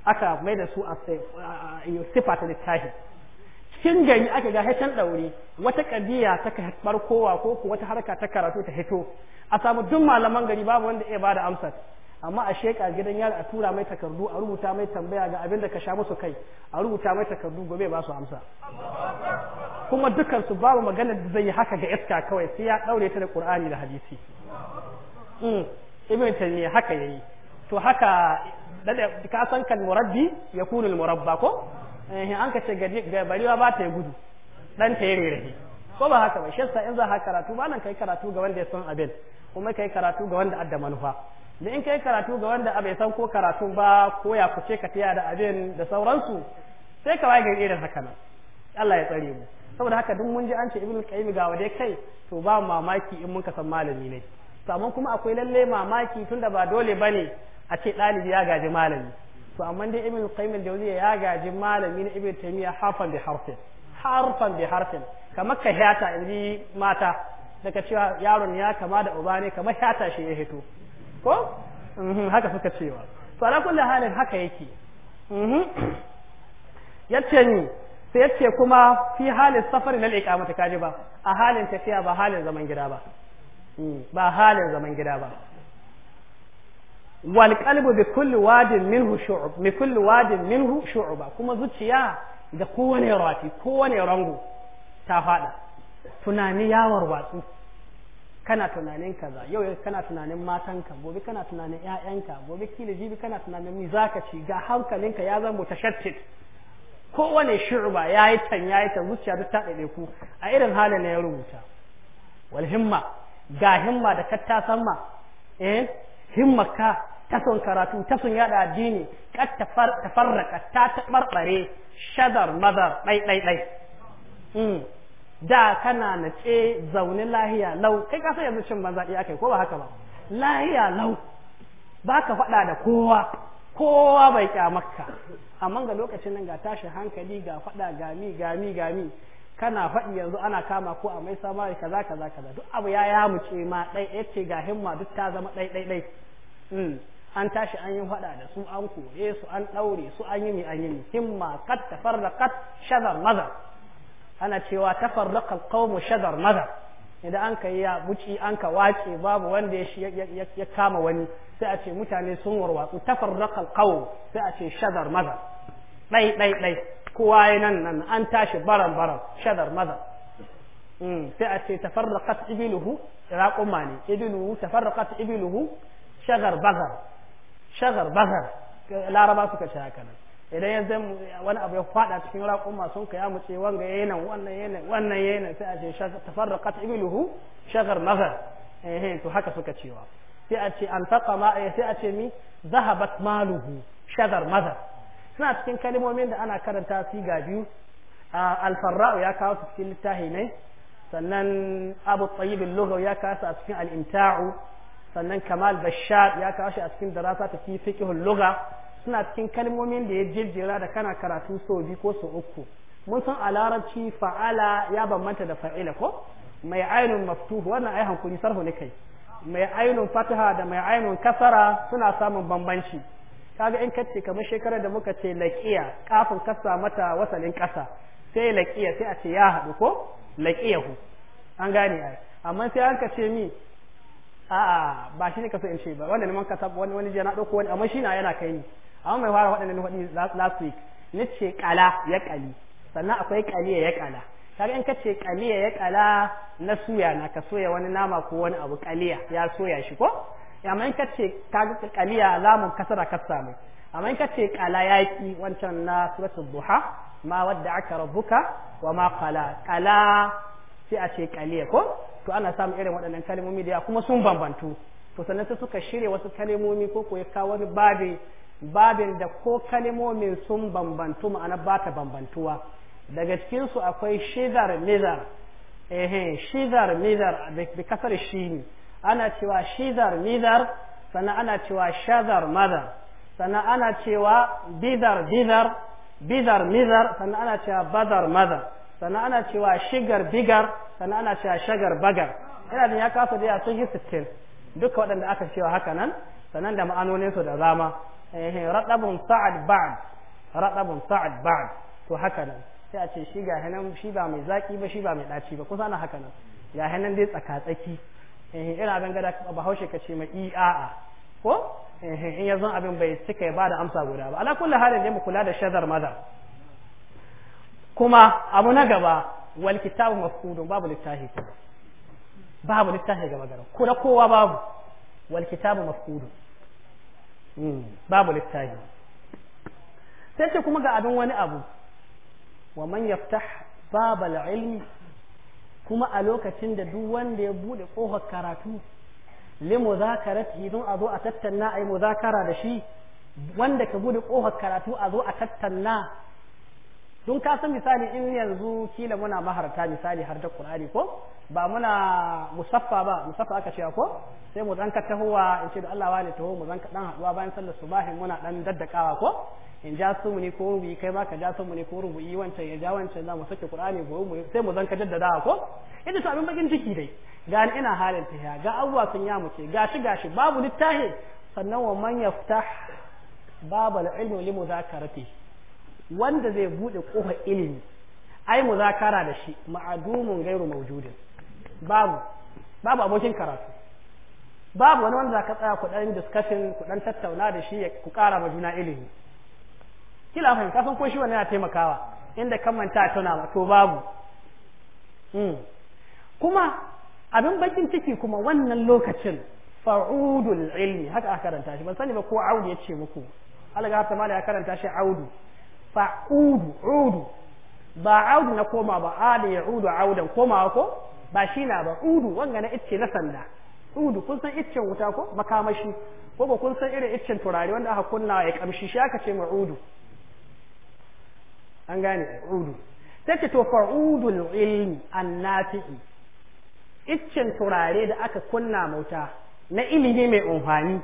aka mai da su a sifa ta littafi cikin gari aka ga haitan ɗauri wata ƙabiya ta kowa ko ku wata harka ta karatu ta hito a samu duk malaman gari babu wanda ya bada amsa. amma a sheka gidan yari a tura mai takardu a rubuta mai tambaya ga abin da ka sha musu kai a rubuta mai takardu gobe ba su amsa kuma dukansu babu magana da zai yi haka ga iska kawai sai ya ɗaure ta da ƙur'ani da hadisi Ibin mm, ibn ne haka yayi to haka da ka san kan murabbi yakunul murabba ko eh an ka ce ga bariwa ba ta yi gudu dan ta yi rere ko ba haka ba shi yasa in za ka karatu ba nan kai karatu ga wanda ya san abin kuma kai karatu ga wanda adda manufa da in kai karatu ga wanda bai san ko karatu ba ko ya kuce ka tiya da abin da sauransu sai ka waye irin haka nan Allah ya tsare mu saboda haka duk mun ji an ce ibnu qayyim ga wade kai to ba mamaki in mun ka san malami ne to kuma akwai lalle mamaki tunda ba dole bane a ce ɗalibi ya gaji malami to amma dai ibn qayyim al-jawziyya ya gaji malami na ibn taymiya harfan bi harfin harfan bi harfin kamar ka hata inji mata daga cewa yaron ya kama da uba ne kamar hata shi ya hito ko mhm, haka suka cewa to ala kulli halin haka yake mhm. yace ni sai yace kuma fi halin safari na iqamata kaji ba a halin tafiya ba halin zaman gida ba hmm, ba halin zaman gida ba wal qalbu bi kulli wadin minhu shu'ub bi kulli wadin minhu shu'uba kuma zuciya ga kowane rafi kowane rango ta fada tunani ya warwatsu kana tunanin kaza yau kana tunanin matanka gobe kana tunanin ƴaƴanka gobe kila jibi kana tunanin mi zaka ci ga hankalinka ya zama mutashattid kowane shu'ba yayi tan yayi ta zuciya duk ta dade ku a irin halin ne ya rubuta wal himma ga himma da katta samma eh ka. tason karatu tason yada addini kad farraka ta tabarbare shadar mazar dai dai dai hmm. da kana na ce zaune lahiya lau kai ka san yanzu cin banza iya kai ko ba haka ba lahiya lau baka faɗa da kowa kowa bai kyamarka amma ga lokacin nan ga tashin hankali ga faɗa gami gami gami kana faɗi yanzu ana kama ko a mai sama kaza kaza kaza duk abu ya yamuce ma ɗai ce ga himma duk ta zama ɗai ɗai ɗai hmm. an tashi an yi faɗa da su an kore su an ɗaure su an yi mi an yi mi himma kad tafarraqat shazar mazar ana cewa tafarraqa alqawmu shazar mazar idan an ka yi ya buci an ka wace babu wanda ya kama wani sai a ce mutane sun warwatsu tafarraqa alqawm sai a ce shazar mazar dai dai dai kowa ya nan nan an tashi baran baran shazar mazar hmm, sai a ce tafarraqat ibiluhu raquma ne ibiluhu tafarraqat ibiluhu shagar bazar shagar bazar laraba suka ce haka nan idan ya zan wani abu ya fada cikin raƙuma sun ka ya muce wanga yayin wannan yayin wannan yayin sai a ce tafarraqat ibiluhu shagar nazar eh to haka suka cewa sai a ce ma sai a ce mi zahabat maluhu shagar mazar suna cikin kalmomin da ana karanta su ga biyu alfarra'u ya kawo su cikin littafi ne sannan abu tayyib al ya kawo su a cikin alinta'u sannan kamal bashar ya kawo shi a cikin darasa ta fi fiqhul lugha suna cikin kalmomin da ya jejjera da kana karatu sau biyu ko sau uku mun san a larabci fa'ala ya bambanta da fa'ila ko mai ainun maftuhu wannan ai hankuri sarhu ne kai mai ainun fataha da mai ainun kasara suna samun bambanci kaga in kace kamar shekarar da muka ce laqiya kafin kasa mata wasalin kasa sai laqiya sai a ce ya hadu ko laqiyahu an gane ai amma sai an kace mi a'a ba shi ne kaso in ce ba wanda neman ka wani wani na wani amma shi na yana kai ni amma mai fara wadannan hudi last week ce kala ya kali sannan akwai kaliya ya kala kaga in ka ce kaliya ya kala na suya na ka soya wani nama ko wani abu kaliya ya soya shi ko amma in ka ce kaliya lamun kasara kasa mai amma in ka kace kala yaki wancan na suratul duha ma wadda aka rabuka wa ma ƙala kala sai a ce kaliya ko to ana samun irin waɗannan kalmomi da ya kuma sun bambantu to sannan sai suka shirya wasu kalmomi ko ko ya kawo wani babin babin da ko kalmomin sun bambantu ma'ana ba ta bambantuwa daga cikinsu su akwai shidar mizar eh shizar mizar bi kasar shi ana cewa shizar mizar sannan ana cewa shadar mazar sannan ana cewa bidar bizar bidar mizar sannan ana cewa badar mazar sannan ana cewa shigar bigar sannan ana cewa shagar bagar yana da ya kasa da sun yi sittin duka waɗanda aka cewa haka nan sannan da ma'anoninsu da zama raɗaɓun sa'ad ba'ad raɗaɓun sa'ad ba'ad to haka nan sai a ce shi ga hanan shi ba mai zaki ba shi ba mai ɗaci ba kusa na haka nan ga hanan dai tsakatsaki ina abin gada bahaushe ka ce mai i'a'a e ko in zo abin bai cika ba da amsa guda ba ala kulli halin dai mu kula da shazar madar kuma abu na gaba wal kitabu mafqudun babu littafi babu littafi ga magana ko kowa babu wal kitabu mafqudun hmm, babu littafi sai ce kuma ga abin wani abu wa man yaftah babal ilmi kuma a lokacin da duk wanda ya bude kofar karatu li muzakarati don a zo a tattauna ai muzakara da shi wanda ka bude kofar karatu a zo a tattauna don ka san misali in yanzu kila muna maharta misali har da Qur'ani ko ba muna musaffa ba musaffa aka ce ko sai mu dan tahowa in ce da Allah wani taho mu zanka dan haduwa bayan sallar subahin muna dan daddakawa ko in ja su mu ne ko rubu kai ma ka ja su mu ne ko rubu wancan ya ja wancan za mu sake Qur'ani gobe mu sai mu zanka ka daddadawa ko yadda to abin bakin ciki dai ga ina halin ta ga abuwa sun ya muke gashi gashi babu littahi sannan wa man yaftah babal ilmi li wanda zai bude kofar ilimi ai muzakara da shi ma'adumun gairu maujudin babu babu abokin karatu babu wani wanda ka tsaya ku dan discussion ku dan tattauna da shi ku kara ma juna ilimi kila ka san ko shi wannan yana taimakawa inda kan manta tuna to babu hmm. kuma abin bakin ciki kuma wannan lokacin fa'udul ilmi haka aka karanta shi ban sani ba ko audu ya ce muku Allah ga ta mala ya karanta shi audu fa'udu udu ba audu na koma ba ada ya udu audan koma ko ba shi na ba udu wanga na icce na sanda udu kun san iccen wuta ko makamashi ko ba kun san irin iccen turare wanda aka kunna ya kamshi shi aka ce ma udu an gane udu tace to fa’udu ilmi annafi'i iccen turare da aka kunna mauta na ilimi mai umfani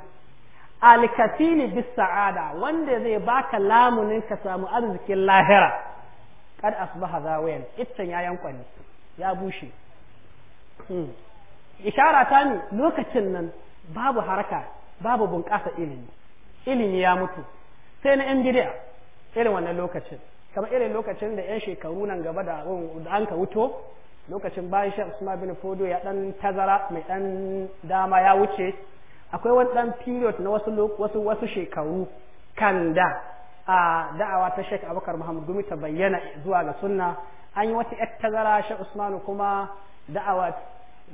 alkafini bis sa'ada wanda zai baka lamunin ka samu arzikin lahira kad asbaha zawayan iccen ya ne ya bushe hmm. ishara ta ne lokacin nan babu haraka babu bunƙasa ilimi ilimi ya mutu sai na yan bidiya irin wannan lokacin kamar irin lokacin da yan shekaru nan gaba da an ka wuto lokacin bayan shan usman bin fodo ya dan tazara mai dan dama ya wuce akwai wani dan period na wasu wasu shekaru kan da a da'awa ta Sheikh Abubakar Muhammad Gumi ta bayyana zuwa ga sunna an yi wata yar tazara Sheikh Usmanu kuma da'awa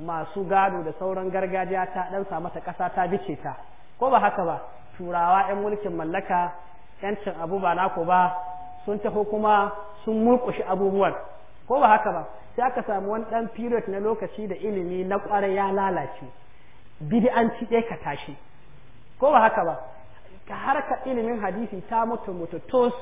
masu gado da sauran gargajiya ta dan samu ta kasa ta bice ta ko ba haka ba turawa yan mulkin mallaka yancin abu ba nako ba sun taho kuma sun mulkushi abubuwan ko ba haka ba sai aka samu wani dan period na lokaci da ilimi na kwarai ya lalace bid'anci ɗaya ka tashi ko ba haka ba ka harka ilimin hadisi ta mutu mutu tos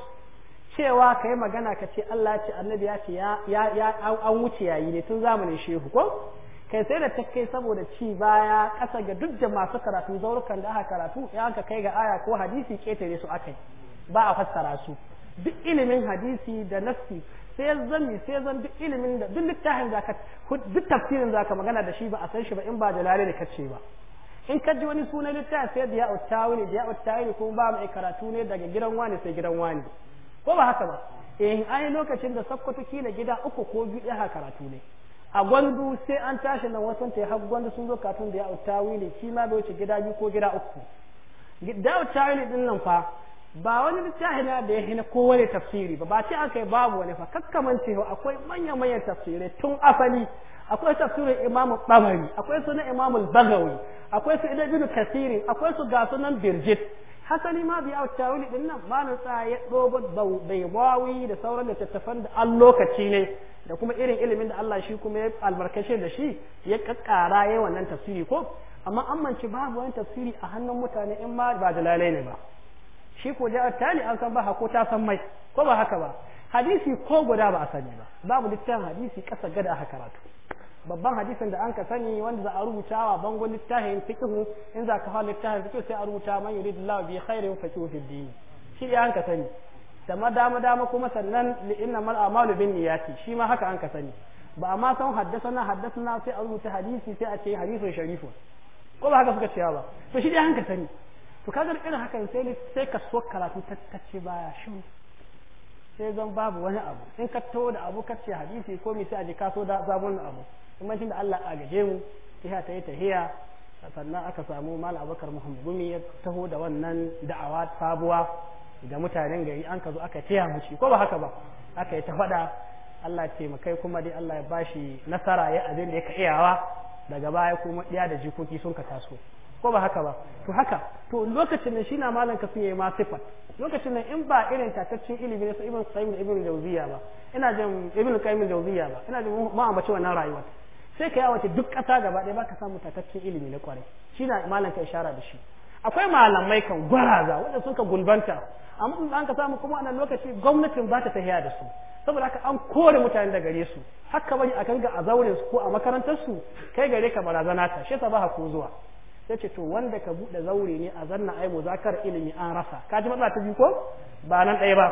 cewa ka yi magana ka ce Allah ce annabi ya ce ya an wuce yayi ne tun zamanin shehu ko kai sai da ta kai saboda ci baya ƙasa ga duk da masu karatu zaurukan da aka karatu ya aka kai ga aya ko hadisi ketare su akai ba a fassara su duk ilimin hadisi da nafsi sai yi sai zan duk ilimin da duk littafin zaka duk tafsirin zaka magana da shi ba a san shi ba in ba jalale da kace ba in ka ji wani sunan littafin sai da ya'ut tawili da ya'ut tawili kuma ba mai karatu ne daga gidan wani sai gidan wani ko ba haka ba eh an lokacin da sakkwato kila gida uku ko biyu ɗaya karatu ne a gwandu sai an tashi nan wasan ta har gwandu sun zo kafin da ya tawili shi ma bai wuce gida biyu ko gida uku da'ut tawili din nan fa ba wani littafin da ya hina wani tafsiri ba ba ce aka yi babu wani fa cewa akwai manya-manyan tafsirai tun asali akwai tafsirin imamu ɓamari akwai su na imamu bagawi akwai su ibn kasirin akwai su ga sunan birjit hasali ma biya a tawili din nan ba na sa ya ɗobo baiwawi da sauran littattafan da an lokaci ne da kuma irin ilimin da Allah shi kuma ya albarkace da shi ya kakkara yayi wannan tafsiri ko amma an manci babu wani tafsiri a hannun mutane in ma ba da lalai ne ba shi ko da tani an san baha ko ta san mai ko ba haka ba hadisi ko guda ba a sani ba babu littafin hadisi kasa gada aka karatu babban hadisin da an ka sani wanda za a rubuta wa bangon littafin fiqhu in za ka fara littafin fiqhu sai a rubuta man yuridullahu bi khairin faqihu fid din shi da an ka sani da madama dama kuma sannan li inna mal a'malu bin niyyati shi ma haka an ka sani ba amma san haddasana haddasana sai a rubuta hadisi sai a ce hadisin sharifun ko ba haka suka cewa ba to shi da an ka sani to kaga irin hakan sai sai ka so karatu tattace baya shin sai zan babu wani abu in ka taho da abu kace hadisi ko me sai a ka so da zabon abu kuma tun da Allah agaje mu tahiya ta yi tahiya sannan aka samu mal abakar muhammad gumi ya taho da wannan da'awa sabuwa ga mutanen gari an ka zo aka taya mu ko ba haka ba aka yi ta faɗa Allah ce mu kai kuma dai Allah ya bashi nasara ya abin da ya ka iyawa daga baya kuma ɗiya da jikoki sun ka taso ko ba haka ba to haka to lokacin nan shi na malam kafin yayi ma sifat lokacin nan in ba irin tataccen ilimi ne su ibn da ibn jawziya ba ina jin ibn qayyim jawziya ba ina jin ma wannan rayuwa sai ka yawace duk kasa gaba ɗaya baka samu tataccen ilimi na kwarai shi na malam ka ishara da shi akwai malamai kan gwaraza wanda suka gulbanta amma an ka samu kuma a lokaci gwamnatin ba ta tahiya da su saboda haka an kore mutane da gare su haka bane a kanga a zauren su ko a makarantar su kai gare ka barazana ta shi ta ba ko zuwa sai ce to wanda ka buɗe zaure ne a zanna ai muzakar ilimi an rasa ka ji matsala ta biyu ko ba nan ɗaya ba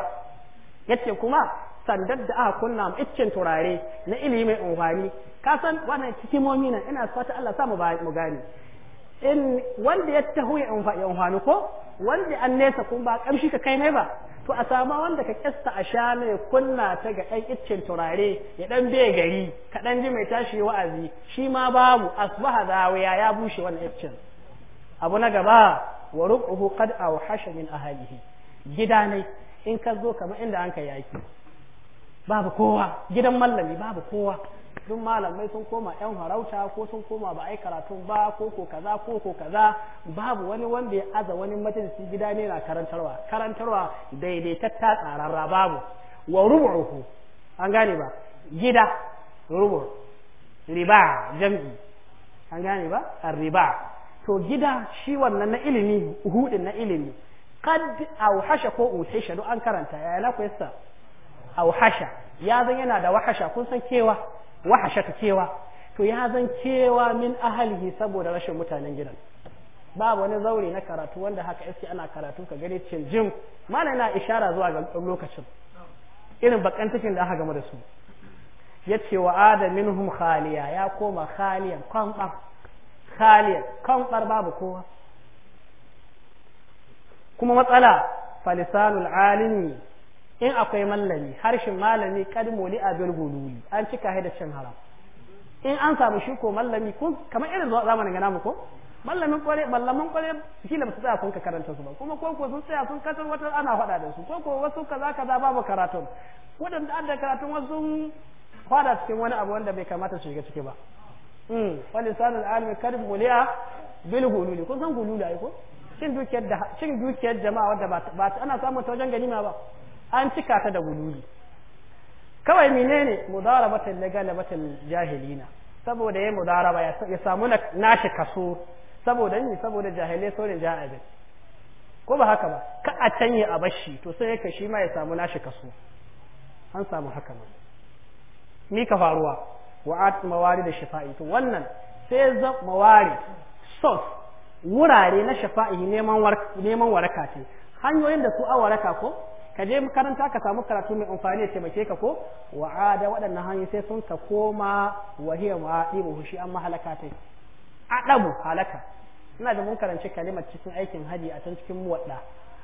yace kuma sandar da aka kunna iccen turare na ilimi mai kasan ka san wannan hikimomi nan ina fata Allah sa mu mu gane in wanda ya taho ya amfani ko wanda an nesa kun ba kamshi ka kai mai ba to a sama wanda ka kesta a sha mai kunna ta ga ɗan iccen turare ya ɗan bai gari ka ɗan ji mai tashi wa'azi shi ma babu asbaha zawiya ya bushe wannan iccen abu na gaba wa ruquhu qad awhasha min ahlihi gidane in ka zo kamar inda an ka yaki babu kowa gidan mallami babu kowa duk malamai sun koma yan harauta ko sun koma ba ai karatun ba ko ko kaza ko ko kaza babu wani wanda ya aza wani majalisi gida ne na karantarwa karantarwa daidaitatta tsararra babu wa rubu'uhu an gane ba gida rubu riba jam'i an gane ba riba to gida shi wannan na ilimi hudin na ilimi qad auhasha ko utisha duk an karanta ya la ku yassa auhasha ya zan yana da wahasha kun san kewa wahashaka kewa to ya zan kewa min ahalihi saboda rashin mutanen gidan babu wani zaure na karatu wanda haka iske ana karatu ka gare cin jim mana na ishara zuwa ga lokacin irin bakan cikin da aka gama da su ya ce wa adaminhum khaliya ya koma khaliyan kwambar khaliyan kwambar babu kowa kuma matsala falisanul alimi in akwai mallami harshen malami a abin gululi an cika da cin haram in an samu shi ko mallami ko kamar irin zamanin gana mu ko mallamin kware mallamin kware shi ne ba su tsaya kun ka karanta su ba kuma ko ko sun tsaya sun kasar wata ana faɗa da su ko ko wasu kaza kaza babu karatu waɗanda an da karatu wasu fada cikin wani abu wanda bai kamata su shiga ciki ba mm walisan al'almi karim muliya bil hululi kun san hululi ai ko cin dukiyar da cin dukiyar jama'a wadda ba ana samun ta wajen ganima ba an cika ta da wululi kawai menene mudarabatul lagalabatul jahilina saboda yayin mudaraba ya samu nashi kaso saboda ni saboda so ne jahilai ko ba haka ba ka a canye a bashi to sai yake shi ma ya samu nashi kaso an samu haka ma ni ka faruwa wa mawari da shafa'i to wannan sai za mawari source wurare na shafa'i neman waraka ce hanyoyin da su a waraka ko ka je makaranta ka samu karatu mai amfani ya taimake ka ko wa'ada waɗannan hanyoyi sai sun ka koma wa hiya ba hushi an mahalaka A adabu halaka ina da mun karanci kalimar cikin aikin haji a can cikin muwadda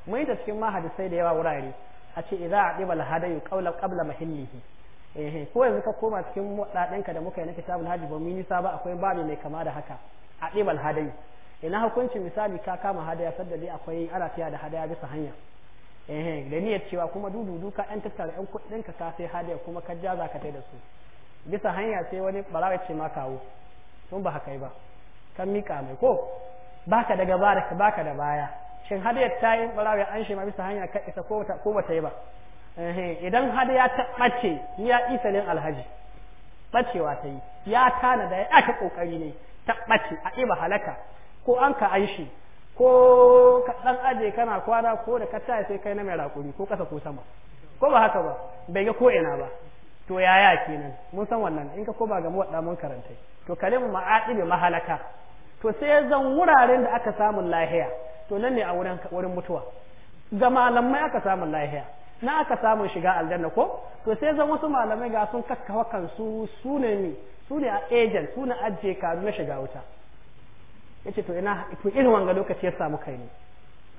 mun ta cikin mahadi sai da yawa wurare a ce idza adiba alhadayu qawla qabla mahillihi eh ko yanzu ka koma cikin muwadda ɗinka da muka yi na kitabul haji ba mun nisa ba akwai babu mai kama da haka adiba alhadayu ina hukuncin misali ka kama hadaya sadda akwai ana fiya da hadaya bisa hanya ehe da niyyar cewa kuma dudu duka ɗan tattara ɗan kuɗin ka sai hadiya kuma ka ja zaka tai da su bisa hanya sai wani barawa ce ma kawo tun ba haka ba kan mika mai ko baka daga ka baka da baya shin hadiyar ta yi barawa an ma bisa hanya ka isa ko ta bata yi ba ehe idan hadiya ta bace ya isa ne alhaji bacewa ta yi ya tana da ya ka kokari ne ta bace a iba halaka ko an ka an ko kaɗan aje kana kwana ko da ka sai kai na mai rakuri ko kasa ko sama ko ba haka ba bai ga ko ina ba to yaya kenan mun san wannan in ka koma ga muwaɗa mun karanta to kalimu ma'adibi mahalaka to sai zan wuraren da aka samun lahiya to nan ne a wurin mutuwa ga malamai aka samun lahiya na aka samun shiga aljanna ko to sai zan wasu malamai ga sun kakkawa kansu su ne su ne a agent su ne ajiye karu na shiga wuta yace to ina to irin wanga lokaci ya samu kai ne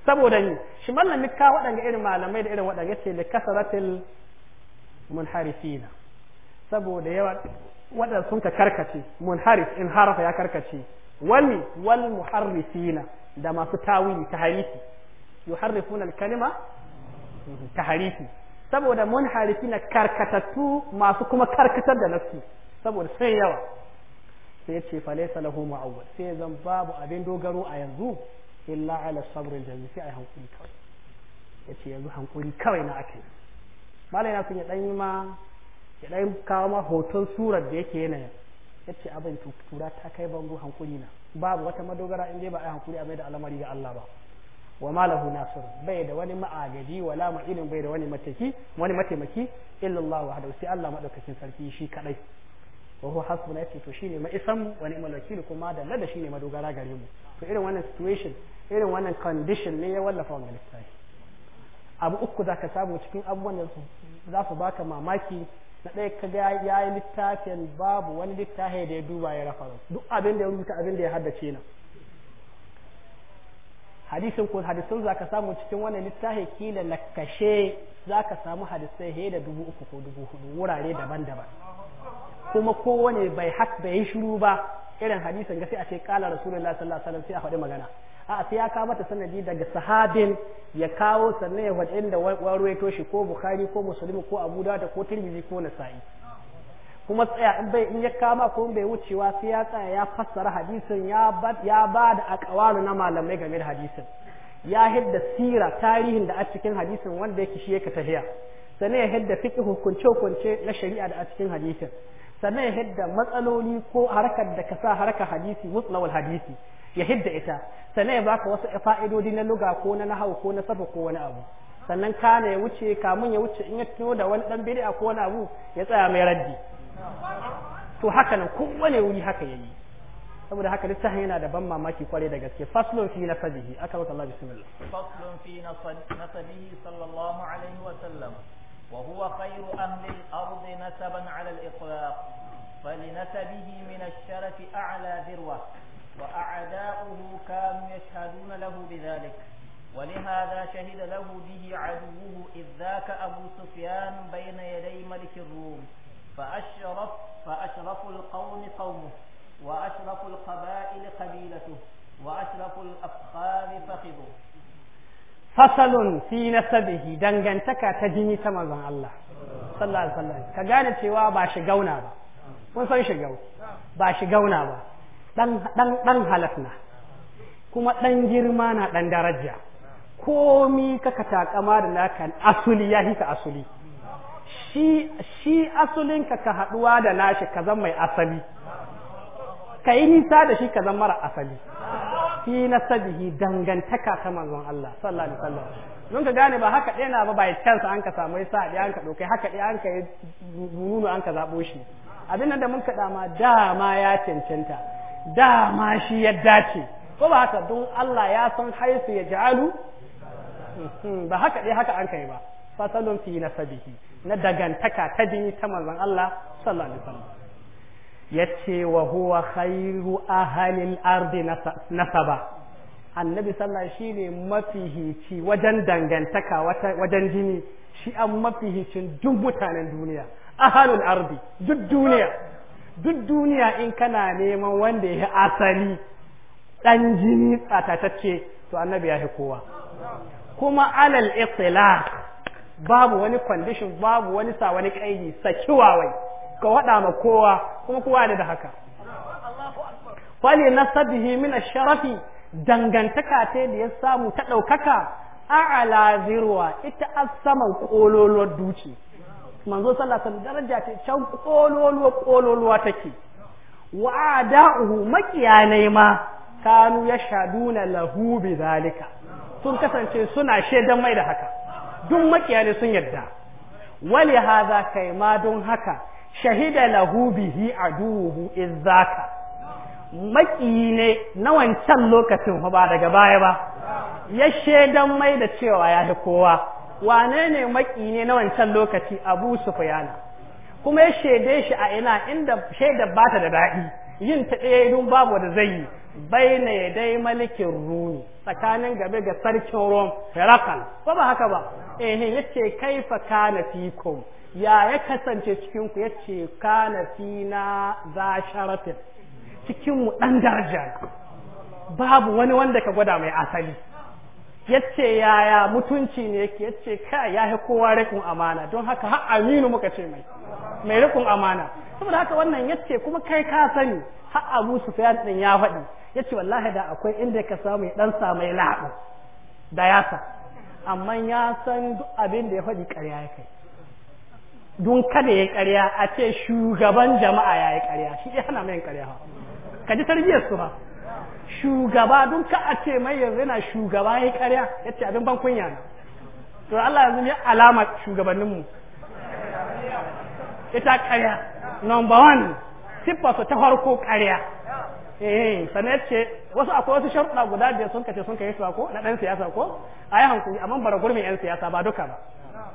saboda ni shi mallan ka waɗanga irin malamai da irin waɗanga yace li kasaratil munharifina saboda yawa waɗanda sun ka karkace munharif in harafa ya karkace wani wal muharrifina da masu tawili taharifi yuharrifuna al-kalima taharifi saboda munharifina karkatatu masu kuma karkatar da nafsi saboda sai yawa sai ce fa laysa lahu mu'awwal sai zan babu abin dogaro a yanzu illa ala sabr al sai ai hankuri kawai yace yanzu hankuri kawai na ake malai na sun dan yi ma ya dan kawo ma hoton surar da yake yana yace abin tura ta kai bango hankuri na babu wata madogara in dai ba ai hankuri a mai da al'amari ga Allah ba wa malahu nasir bai da wani ma'agadi wala ma'ilin bai da wani mataki wani mataimaki illa Allah wahdahu sai Allah madaukakin sarki shi kadai wa huwa hasbuna yace to shine ma isan mu wani ni'mal wakil kuma da lada shine madogara gare mu to irin wannan situation irin wannan condition ne ya wallafa wannan lissafi abu uku zaka samu cikin abubuwan da za su baka mamaki na ɗaya ka ga ya yi littafin babu wani littafi da ya duba ya rafa duk abin da ya rubuta abin da ya haddace na hadisin ko hadisin za ka samu cikin wannan littafin kila lakashe za ka samu hadisai he da dubu uku ko dubu hudu wurare daban-daban kuma kowane bai hak bai yi shiru ba irin hadisin ga sai a ce kala rasulullahi sallallahu alaihi wasallam sai a faɗi magana a sai ya kawo mata sanadi daga sahabin ya kawo sannan ya faɗi inda waro ya toshi ko bukari ko Musulmi ko abu da ko tirmizi ko nasa'i kuma tsaya in bai in ya kama ko bai wucewa sai ya tsaya ya fassara hadisin ya ba ya ba da aqwalu na malamai game da hadisin ya hidda sira tarihin da a cikin hadisin wanda yake shi yake tahiya sannan ya hidda fiqh hukunce hukunce na shari'a da a cikin hadisin sannan ya hidda matsaloli ko harkar da ka sa harkar hadisi mutlawal hadisi ya hidda ita sannan ya baka wasu fa'idodi na luga ko na nahawu ko na safa ko wani abu sannan kana ya wuce kamun ya wuce in ya tuno da wani dan bid'a ko wani abu ya tsaya mai raddi to haka nan kowane wuri haka yayi saboda haka littafin yana da ban mamaki kwarai da gaske faslun fi nasabihi aka baka Allah bismillah faslun fi nasabihi sallallahu alaihi wa sallam wa huwa khairu ahli al-ard nasaban ala al-itlaq فلنسبه من الشرف أعلى ذروة وأعداؤه كانوا يشهدون له بذلك ولهذا شهد له به عدوه إذ ذاك أبو سفيان بين يدي ملك الروم فأشرف, فأشرف القوم قومه وأشرف القبائل قبيلته وأشرف الأفخار فخذه فصل في نسبه دنجنتك تجيني تمزن الله صلى الله عليه وسلم كجانب سواء باش قونا با ونصنش قو باش قونا با دن هلفنا كما دن جرمانا دن درجة كومي كتاك أمار لكن أصلي يهي كأصلي shi shi asulinka ka haɗuwa da nashi ka zan mai asali ka yi nisa da shi ka zan mara asali fi sabihi dangantaka ta manzon Allah sallallahu alaihi wasallam don ka gane ba haka ɗaya na ba ba chance an ka samu yasa ɗaya an ka ɗaukai haka ɗaya an ka yi nunu an ka zaɓo shi abin nan da mun kaɗa ma dama ya cancanta dama shi ya dace ko ba haka don Allah ya san haisu ya ja'alu hmm, ba haka ɗaya haka an ka yi ba fasalun fi nasabihi na dagantaka ta jini ta manzon Allah sallallahu alaihi wasallam yace wa huwa khairu ahalil ardi nasaba annabi sallallahu shine mafihici wajen dangantaka wajen jini shi an mafihicin duk mutanen duniya ahalul ardi duk duniya duk duniya in kana neman wanda ya asali dan jini tsatatacce to annabi ya kowa kuma alal itlaq babu wani condition babu wani sa wani kaidi saki wawai ka wada ma kowa kuma kowa ne da haka fali nasabihi min asharafi dangantaka ta da ya samu ta daukaka a'ala zirwa ita asaman kololuwar duci manzo sallallahu alaihi wasallam daraja ce can kololuwa kololuwa take wa ada'uhu makiyanai ma kanu yashaduna lahu bi zalika sun kasance suna shaidan mai da haka duk makiyane sun yarda wali haza kai ma don haka shahida lahu bihi aduhu izzaka makiyi ne na wancan lokacin ba daga baya ba ya shaidan mai da cewa ya fi kowa wane ne maki ne na wancan lokaci abu sufyana kuma ya shaide shi a ina inda shaida bata da daɗi yin ta ɗaya dun babu da zai yi bai na ya dai malikin rumi tsakanin gabe ga sarkin rom herakal ba ba haka ba ehe ya ce yace fa kana kom ya ya kasance cikin ku ce kana na za sharafin cikin mu dan daraja babu wani wanda ka gwada mai asali ya ce yaya mutunci ne yake ce kai ya kowa rikun amana don haka har aminu muka ce mai mai amana saboda haka wannan yace kuma kai ka sani har Abu Sufyan din ya faɗi yace wallahi da akwai inda ka samu ya dan samu ya da ya sa amma ya san duk abin da ya faɗi ƙarya ya kai don kada ya ƙarya a ce shugaban jama'a ya yi ƙarya shi ya hana mai ƙarya ha ka ji tarbiyyar su ba shugaba don ka a ce mai yanzu yana shugaba ya yi ƙarya ya ce abin ban kunya ne to Allah yanzu ya alama shugabanninmu ita ƙarya number one siffarsu ta farko ƙarya eh sanar ce wasu akwai wasu sharuɗa guda da sun kace sun kai su ko na ɗan siyasa ko a yi hankali amma bara gurmin yan siyasa ba duka ba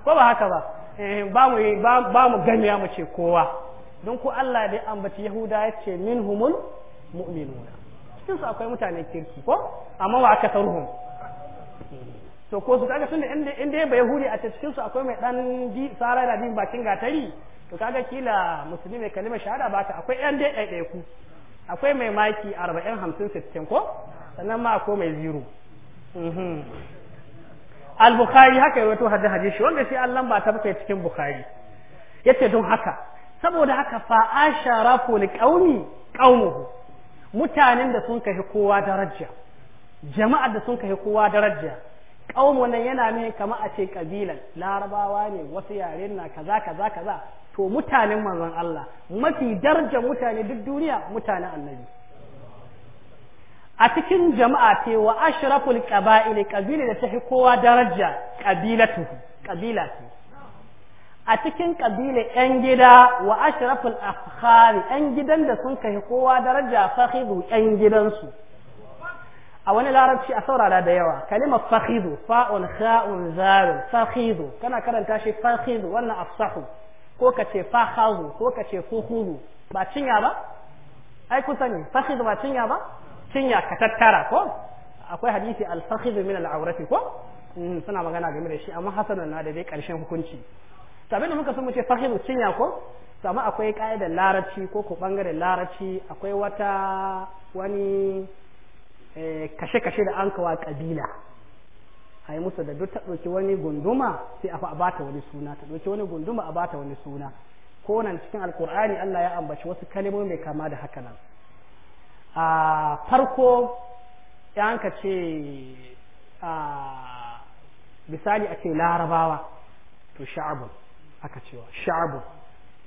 ko ba haka ba eh, ba mu ba mu mu ce kowa don ko Allah da ambaci Yahuda ya ce humul mu'minuna cikin su akwai mutane kirki ko amma wa aka sarhum to ko su kaga da inda inda ba Yahudi a cikin su akwai mai dan ji sara da din bakin gatari to kaga kila musulmi mai kalimar shahada ba ta akwai yan dai ɗaiɗai ku akwai mai maki arba'in hamsin sittin ko sannan ma akwai mai ziro mhm. al-bukhari haka ya wato hadda hadisi wanda sai Allah ba ta bakai cikin bukhari yace don haka saboda haka fa asharafu liqaumi qaumuhu mutanen da sun kai kowa daraja jama'ar da sun kai kowa daraja qaumu nan yana ne kamar a ce kabilan larabawa ne wasu yare na kaza kaza kaza to mutanen manzon Allah mafi darajar mutane duk duniya mutanen annabi a cikin jama'a ce wa ashraful qaba'il kabila da fi kowa daraja kabilatu ce a cikin ƙabila yan gida wa ashraful afkhari yan gidan da sun kai kowa daraja fakhidu yan gidansu a wani larabci a saurara da yawa kalimar fakhidu fa'un kha'un zarun fakhidu kana karanta shi fakhidu wannan afsahu ko ka ce fahazu ko ka ce fuhuru ba cinya ba ai kun sani ba cinya ba cinya ka tattara ko akwai hadisi al-fakhidh min al ko mm, suna magana game da shi amma hasanan na da dai karshen hukunci sabin da muka san muce ce cinya ko sama akwai ka'idar larabci ko ku bangare larabci akwai wata wani eh, kashe-kashe da an kawa kabila a yi musu da duk ta ɗauki wani gunduma sai a bata wani suna ta ɗauki wani gunduma a bata wani suna ko nan cikin alkur'ani Allah ya ambaci wasu kalmomi mai kama da haka nan a farko yan ka ce a misali ake larabawa to sha'abun aka cewa sha'abun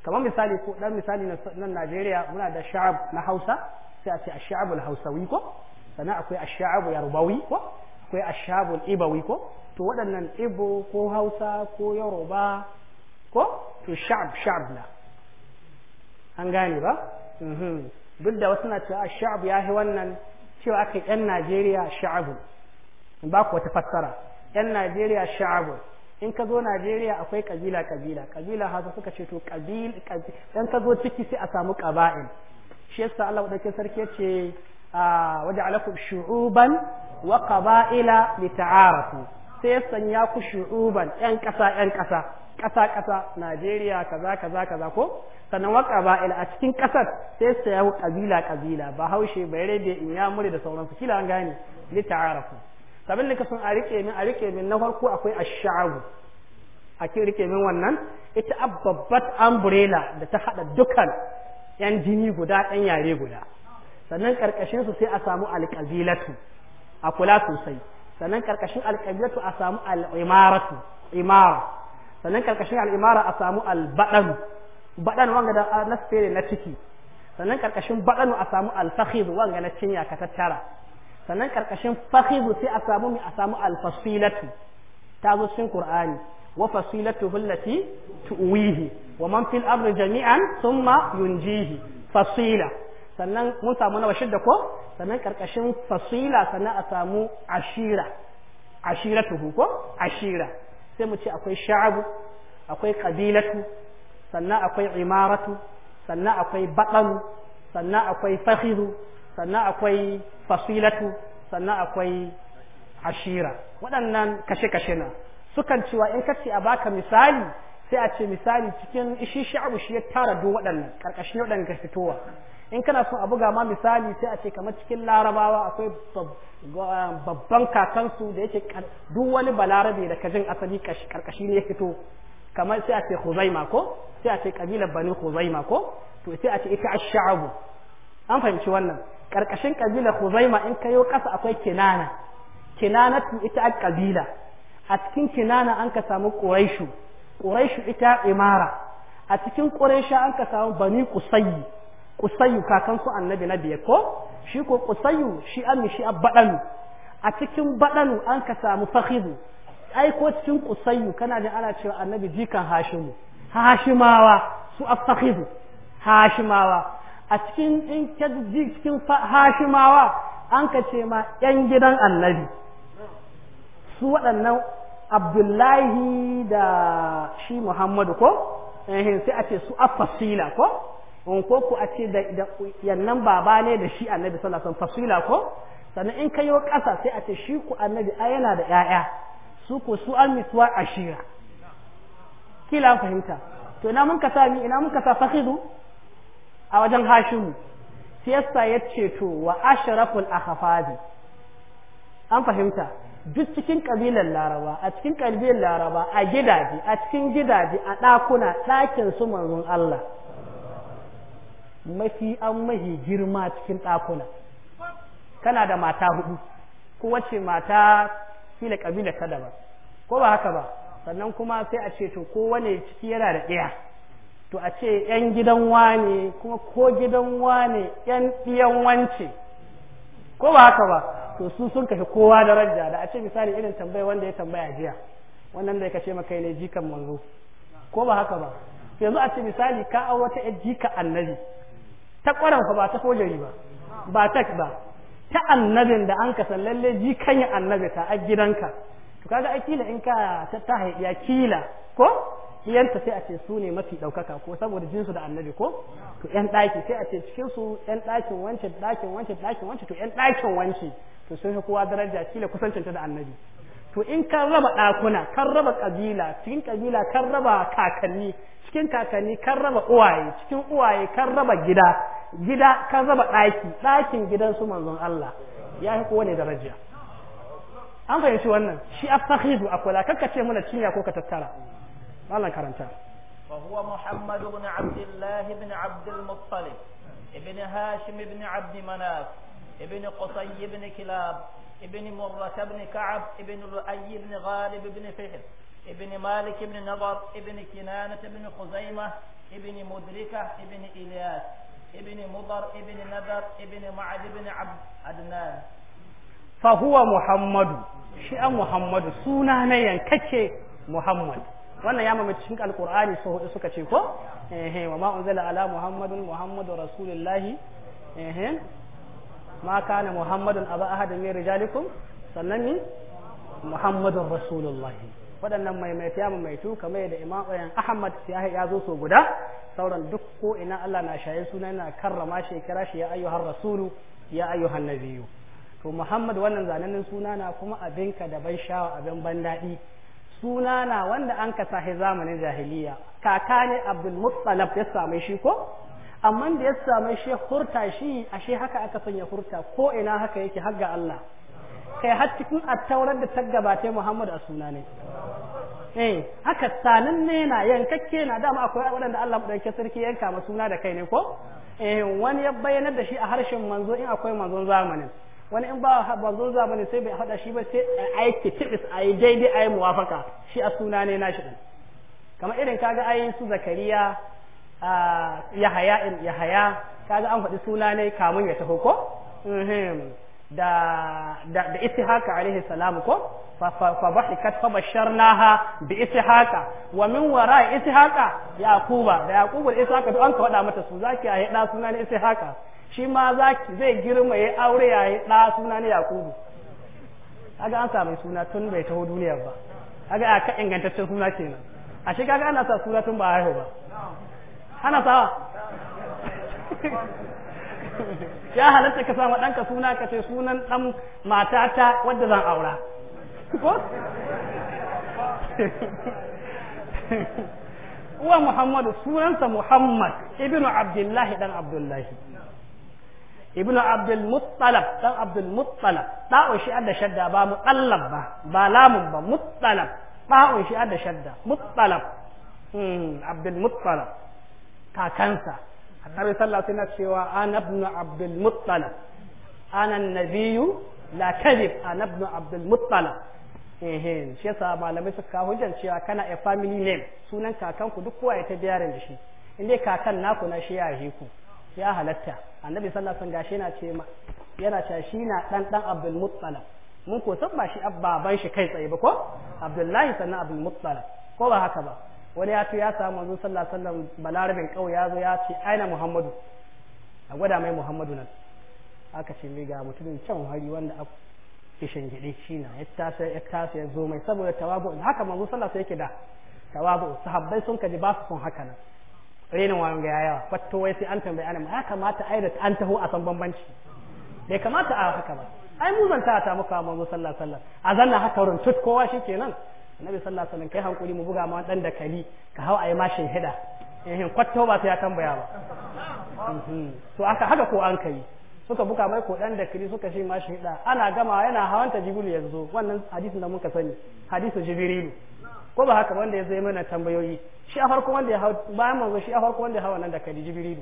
kamar misali ko dan misali na Najeriya muna da sha'ab na Hausa sai a ce ash-sha'abul Hausawi ko sannan akwai ash Yarbawi ko akwai ashabul ibawi ko to waɗannan ibo ko hausa ko yoruba ko to sha'ab sha'ab na an gane ba mhm. duk da wasu na cewa sha'ab ya yi wannan cewa aka yan najeriya sha'abu ba ku wata fassara yan najeriya sha'abu in ka zo najeriya akwai kabila kabila kabila hausa suka ce to kabil dan ka zo ciki sai a samu qaba'il shi yasa Allah wadake sarki yace a ah, waja'alakum shu'uban wa qaba'ila lita'arafu sai sanya ku shu'uban yan ƙasa yan ƙasa kasa kasa Najeriya kaza kaza kaza ko sannan wa qaba'ila a cikin kasar sai sanya ku ba rede Bahaushe ya Inyamuri da sauransu kila an gane lita'arafu sabin da kasan a rike min a rike min na farko akwai ash-sha'ab a kin rike min wannan ita babbat umbrella da ta hada dukan yan jini guda yan yare guda sannan ƙarƙashinsu sai a samu alƙabilatu. a kula sosai sannan karkashin alƙabilatu a samu al'imaratu imara sannan karkashin al'imara a samu albaɗanu baɗanu wanga da na spere na ciki sannan karkashin baɗanu a samu alfahizu wanga na cinya ka tattara sannan karkashin fahizu sai a samu mai a samu alfasilatu ta zo cikin qur'ani wa fasilatu hullati tuwihi wa man fil ardi jami'an thumma yunjihi fasila sannan mun samu na shidda ko sannan karkashin fasila sannan a samu ashira ashiratuhu ko ashira sai mu ce akwai sha'abu akwai qabilatu sannan akwai imaratu sannan akwai baqalu sannan akwai fakhiru sannan akwai fasilatu sannan akwai ashira waɗannan kashe-kashe na sukan cewa in ka ce a baka misali sai a ce misali cikin ishi sha'abu shi ya tara duk waɗannan ƙarƙashin waɗannan ka fitowa in kana so a buga ma misali sai a ce kamar cikin larabawa akwai um, babban kakansu da yake duk wani balarabe da kajin asali karkashi ne ya fito kamar sai a ce huzaima ko sai a ce kabilar bani huzaima ko to sai a ce ita ash-sha'abu an fahimci wannan karkashin kabilar huzaima in kayo kasa akwai kinana tu ita a kabila a cikin kinana an ka samu quraishu quraishu ita imara a cikin quraisha an ka samu bani qusayyi kusayu kakansu annabi na biyar ko shi ko kusayu shi an shi a baɗanu a cikin baɗanu an ka samu fahimu ai ko cikin kusayu kana jin ana cewa annabi jikan hashimu hashimawa su a fahimu hashimawa a cikin in ji cikin hashimawa an ka ce ma yan gidan annabi su waɗannan abdullahi da shi muhammadu ko sai a ce su a fasila ko in ko ku a ce da yannan baba ne da shi annabi sallallahu alaihi wasallam fasila ko sannan in kayo ƙasa sai a ce shi ku annabi ai yana da ƴaƴa su ku su an mituwa ashira kila fahimta to ina mun ka sa ina mun ka sa fakhidu a wajen hashimu sai yasa ce to wa ashraful akhfazi an fahimta duk cikin kabilan laraba a cikin kabilan laraba a gidaje a cikin gidaje a ɗakuna ɗakin su manzon Allah mafi an mahi girma cikin ɗakuna kana da mata hudu ko wacce mata kila ƙabila kada ba ko ba haka ba sannan kuma sai a ce to kowane ciki yana da ɗaya to a ce ‘yan gidan wane kuma ko gidan wane ‘yan ɗiyan wance ko ba haka ba to su sun kashe kowa da rajja da a ce misali irin tambaya wanda ya tambaya jiya wannan da ya kashe maka ne jikan manzo ko ba haka ba yanzu a ce misali ka an wata ‘yan jika annabi ta kwaran ba ta fojari ba ba tak ba ta annabin da an kasan lalle ji kan yi annabi ta a gidanka to kaga kila in ka ta ya kila ko iyanta sai a ce su ne mafi ɗaukaka ko saboda jinsu da annabi ko to yan ɗaki sai a ce cikin su ƴan ɗakin wance ɗakin wance ɗakin wance to yan ɗakin wance to sun fi kowa daraja kila kusancinta da annabi to in kan raba ɗakuna kan raba ƙabila cikin ƙabila kan raba kakanni cikin kakanni kan raba uwaye cikin uwaye kan raba gida gida kan raba ɗaki ɗakin gidan su manzon Allah ya fi kowane daraja an fahimci wannan shi afakhidu akwala kakka ce mana cinya ko ka tattara wannan karanta فهو محمد بن عبد الله بن عبد المطلب ابن هاشم بن عبد مناف ابن قصي بن كلاب ابن مرة بن كعب ابن رؤي بن غالب بن فهر ابن مالك بن نضر ابن كنانة بن خزيمة ابن مدركة ابن إلياس ابن مضر ابن نذر ابن معد بن عبد عدنان فهو محمد شيء محمد سنانا ينككي محمد wannan ya mamacin alkur'ani so hudu suka ce ko ehe wa ma ala muhammadun muhammadu rasulullahi ehe ma kana muhammadun aba ahadin min rijalikum sannan ni muhammadun rasulullahi waɗannan maimaita maimaitu kamar da imam eh, ahmad siyahi ya zo so guda sauran duk ko ina allah na shaye suna yana karrama shekara shi ya ayyuhar rasulu ya ayyuhan biyu. to muhammad wannan zanen suna na kuma abin ka da ban shawa abin ban daɗi suna na wanda an ka sahi zamanin jahiliya kaka ne abdul muttalab ya same shi ko amma da ya same shi hurta shi ashe haka aka son ya hurta ko ina haka yake har ga allah kai har cikin attaurar da ta gabata Muhammadu a suna ne eh haka sanin ne na yankakke na dama akwai waɗanda Allah ɗauke sarki yanka ma suna da kai ne ko eh wani ya bayyana da shi a harshen manzo in akwai manzon zamanin wani in ba manzon zamanin sai bai haɗa shi ba sai a aiki tibis a yi daidai a yi muwafaka shi a suna ne shi ɗin kamar irin kaga ayin su zakariya a yahaya in yahaya kaga an faɗi suna ne kamun ya taho ko da da da ishaqa alaihi salam ko fa fa bahikat fa basharnaha bi ishaqa wa min wara ishaqa yaquba da yaqubul ishaqa to an ka wada mata su zaki a da sunan ishaqa shi ma zaki zai girma ya aure ya da sunan yaqubu kaga an samu suna tun bai taho duniya ba kaga a ka ingantaccen suna kenan a shi kaga ana sa suna tun ba haihu ba ana sawa ya halatta ka sama ɗanka suna ka ce sunan ɗan matata wadda zan aura ko uwa muhammadu sunansa muhammad ibnu abdullahi ɗan abdullahi ibnu abdul muttalab dan abdul muttalab da'o shi adda shadda ba mutallab ba ba lamun ba muttalab da'o shi adda shadda muttalab hmm abdul muttalab kakansa annabi sallallahu alaihi wasallam cewa ana ibn abdul muttalib ana biyu la kadib ana ibn abdul muttalib eh shi yasa malamai suka kawo hujjar cewa kana a family name sunan kakanku duk kowa ya ta biyarin da shi inda kakan naku na shi ya ku ya halatta annabi sallallahu alaihi wasallam yana ce yana cewa shi na dan dan abdul muttalib mun ko san ba shi baban shi kai tsaye ba ko abdullahi sanan abdul muttalib ko ba haka ba wani ya ce ya samu manzo sallallahu alaihi wasallam balarabin kawai ya zo ya ce aina muhammadu a gwada mai muhammadu nan aka ce mai ga mutumin can hari wanda a kishin gidi shi na ya tasa ya tasa ya zo mai saboda tawabu haka manzo sallallahu alaihi yake da tawabu sahabbai sun kaji ba su sun haka nan renin wanga yawa fatto wai sai an tambayi ana ya kamata ai da an taho a san bambanci bai kamata a haka ba ai mu zanta ta muka manzo sallallahu alaihi wasallam a zanna haka wurin tut kowa shikenan annabi sallallahu alaihi wasallam kai hankuri mu buga ma dan da kali ka hau ayi mashin hida eh kwatto ba sai ya tambaya ba mhm. to aka haka ko an kai suka buka mai ko dan da kali suka shi mashin hida ana gama yana hawanta jibrilu yanzu wannan hadisin da muka sani hadisin jibrilu ko ba haka wanda ya zai mana tambayoyi shi a farko wanda ya hau bayan manzo shi a farko wanda ya hau nan da kali jibrilu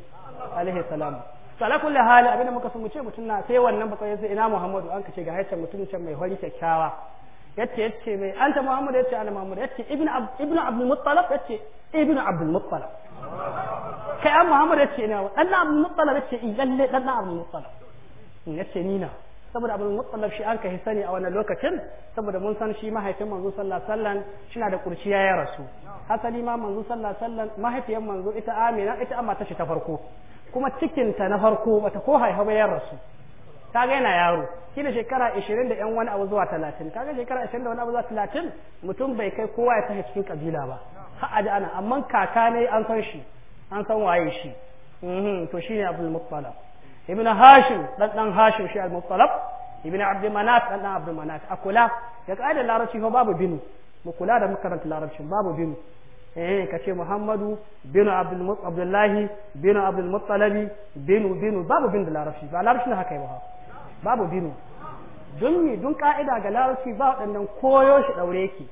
alaihi salam ala kulli hali abinda muka so mu ce mutum na sai wannan bakwai sai ina Muhammadu an kace ga haicce mutum can mai hori kyakkyawa yace yace mai anta muhammad yace ana muhammad yace ibnu ibnu abdul muttalib yace ibnu abdul muttalib kai an muhammad yace ina dan abdul muttalib yace i eh, lalle dan abdul muttalib hmm, yace ni na saboda abdul muttalib shi an kai sani a wannan lokacin saboda mun san shi mahaifin manzo sallallahu alaihi wasallam shina da kurciya ya rasu hasali ma manzo sallallahu alaihi wasallam mahaifiyar manzo ita amina ita amma ta shi ta farko kuma cikinta na farko bata ko haihuwa ya rasu ga yana yaro ne shekara 20 da yan wani abu zuwa 30 ga shekara 20 da wani abu zuwa 30 mutum bai kai kowa ya tafi cikin kabila ba ha'a da ana amma kaka ne an san shi an san waye shi mhm to shine Abdul Muttalib ibn Hashim dan dan Hashim shi al-Muttalib ibn Abd Manaf dan dan Abd Manaf akula ya kaida larabci fa babu binu mu kula da makaranta larabci babu binu eh kace Muhammadu binu Abdul Muttalib Abdullahi bin Abdul Muttalib binu binu babu bin da larabci ba ne haka yi ba babu binu don me dun ka'ida ga larabci ba waɗannan koyo shi ɗaure ki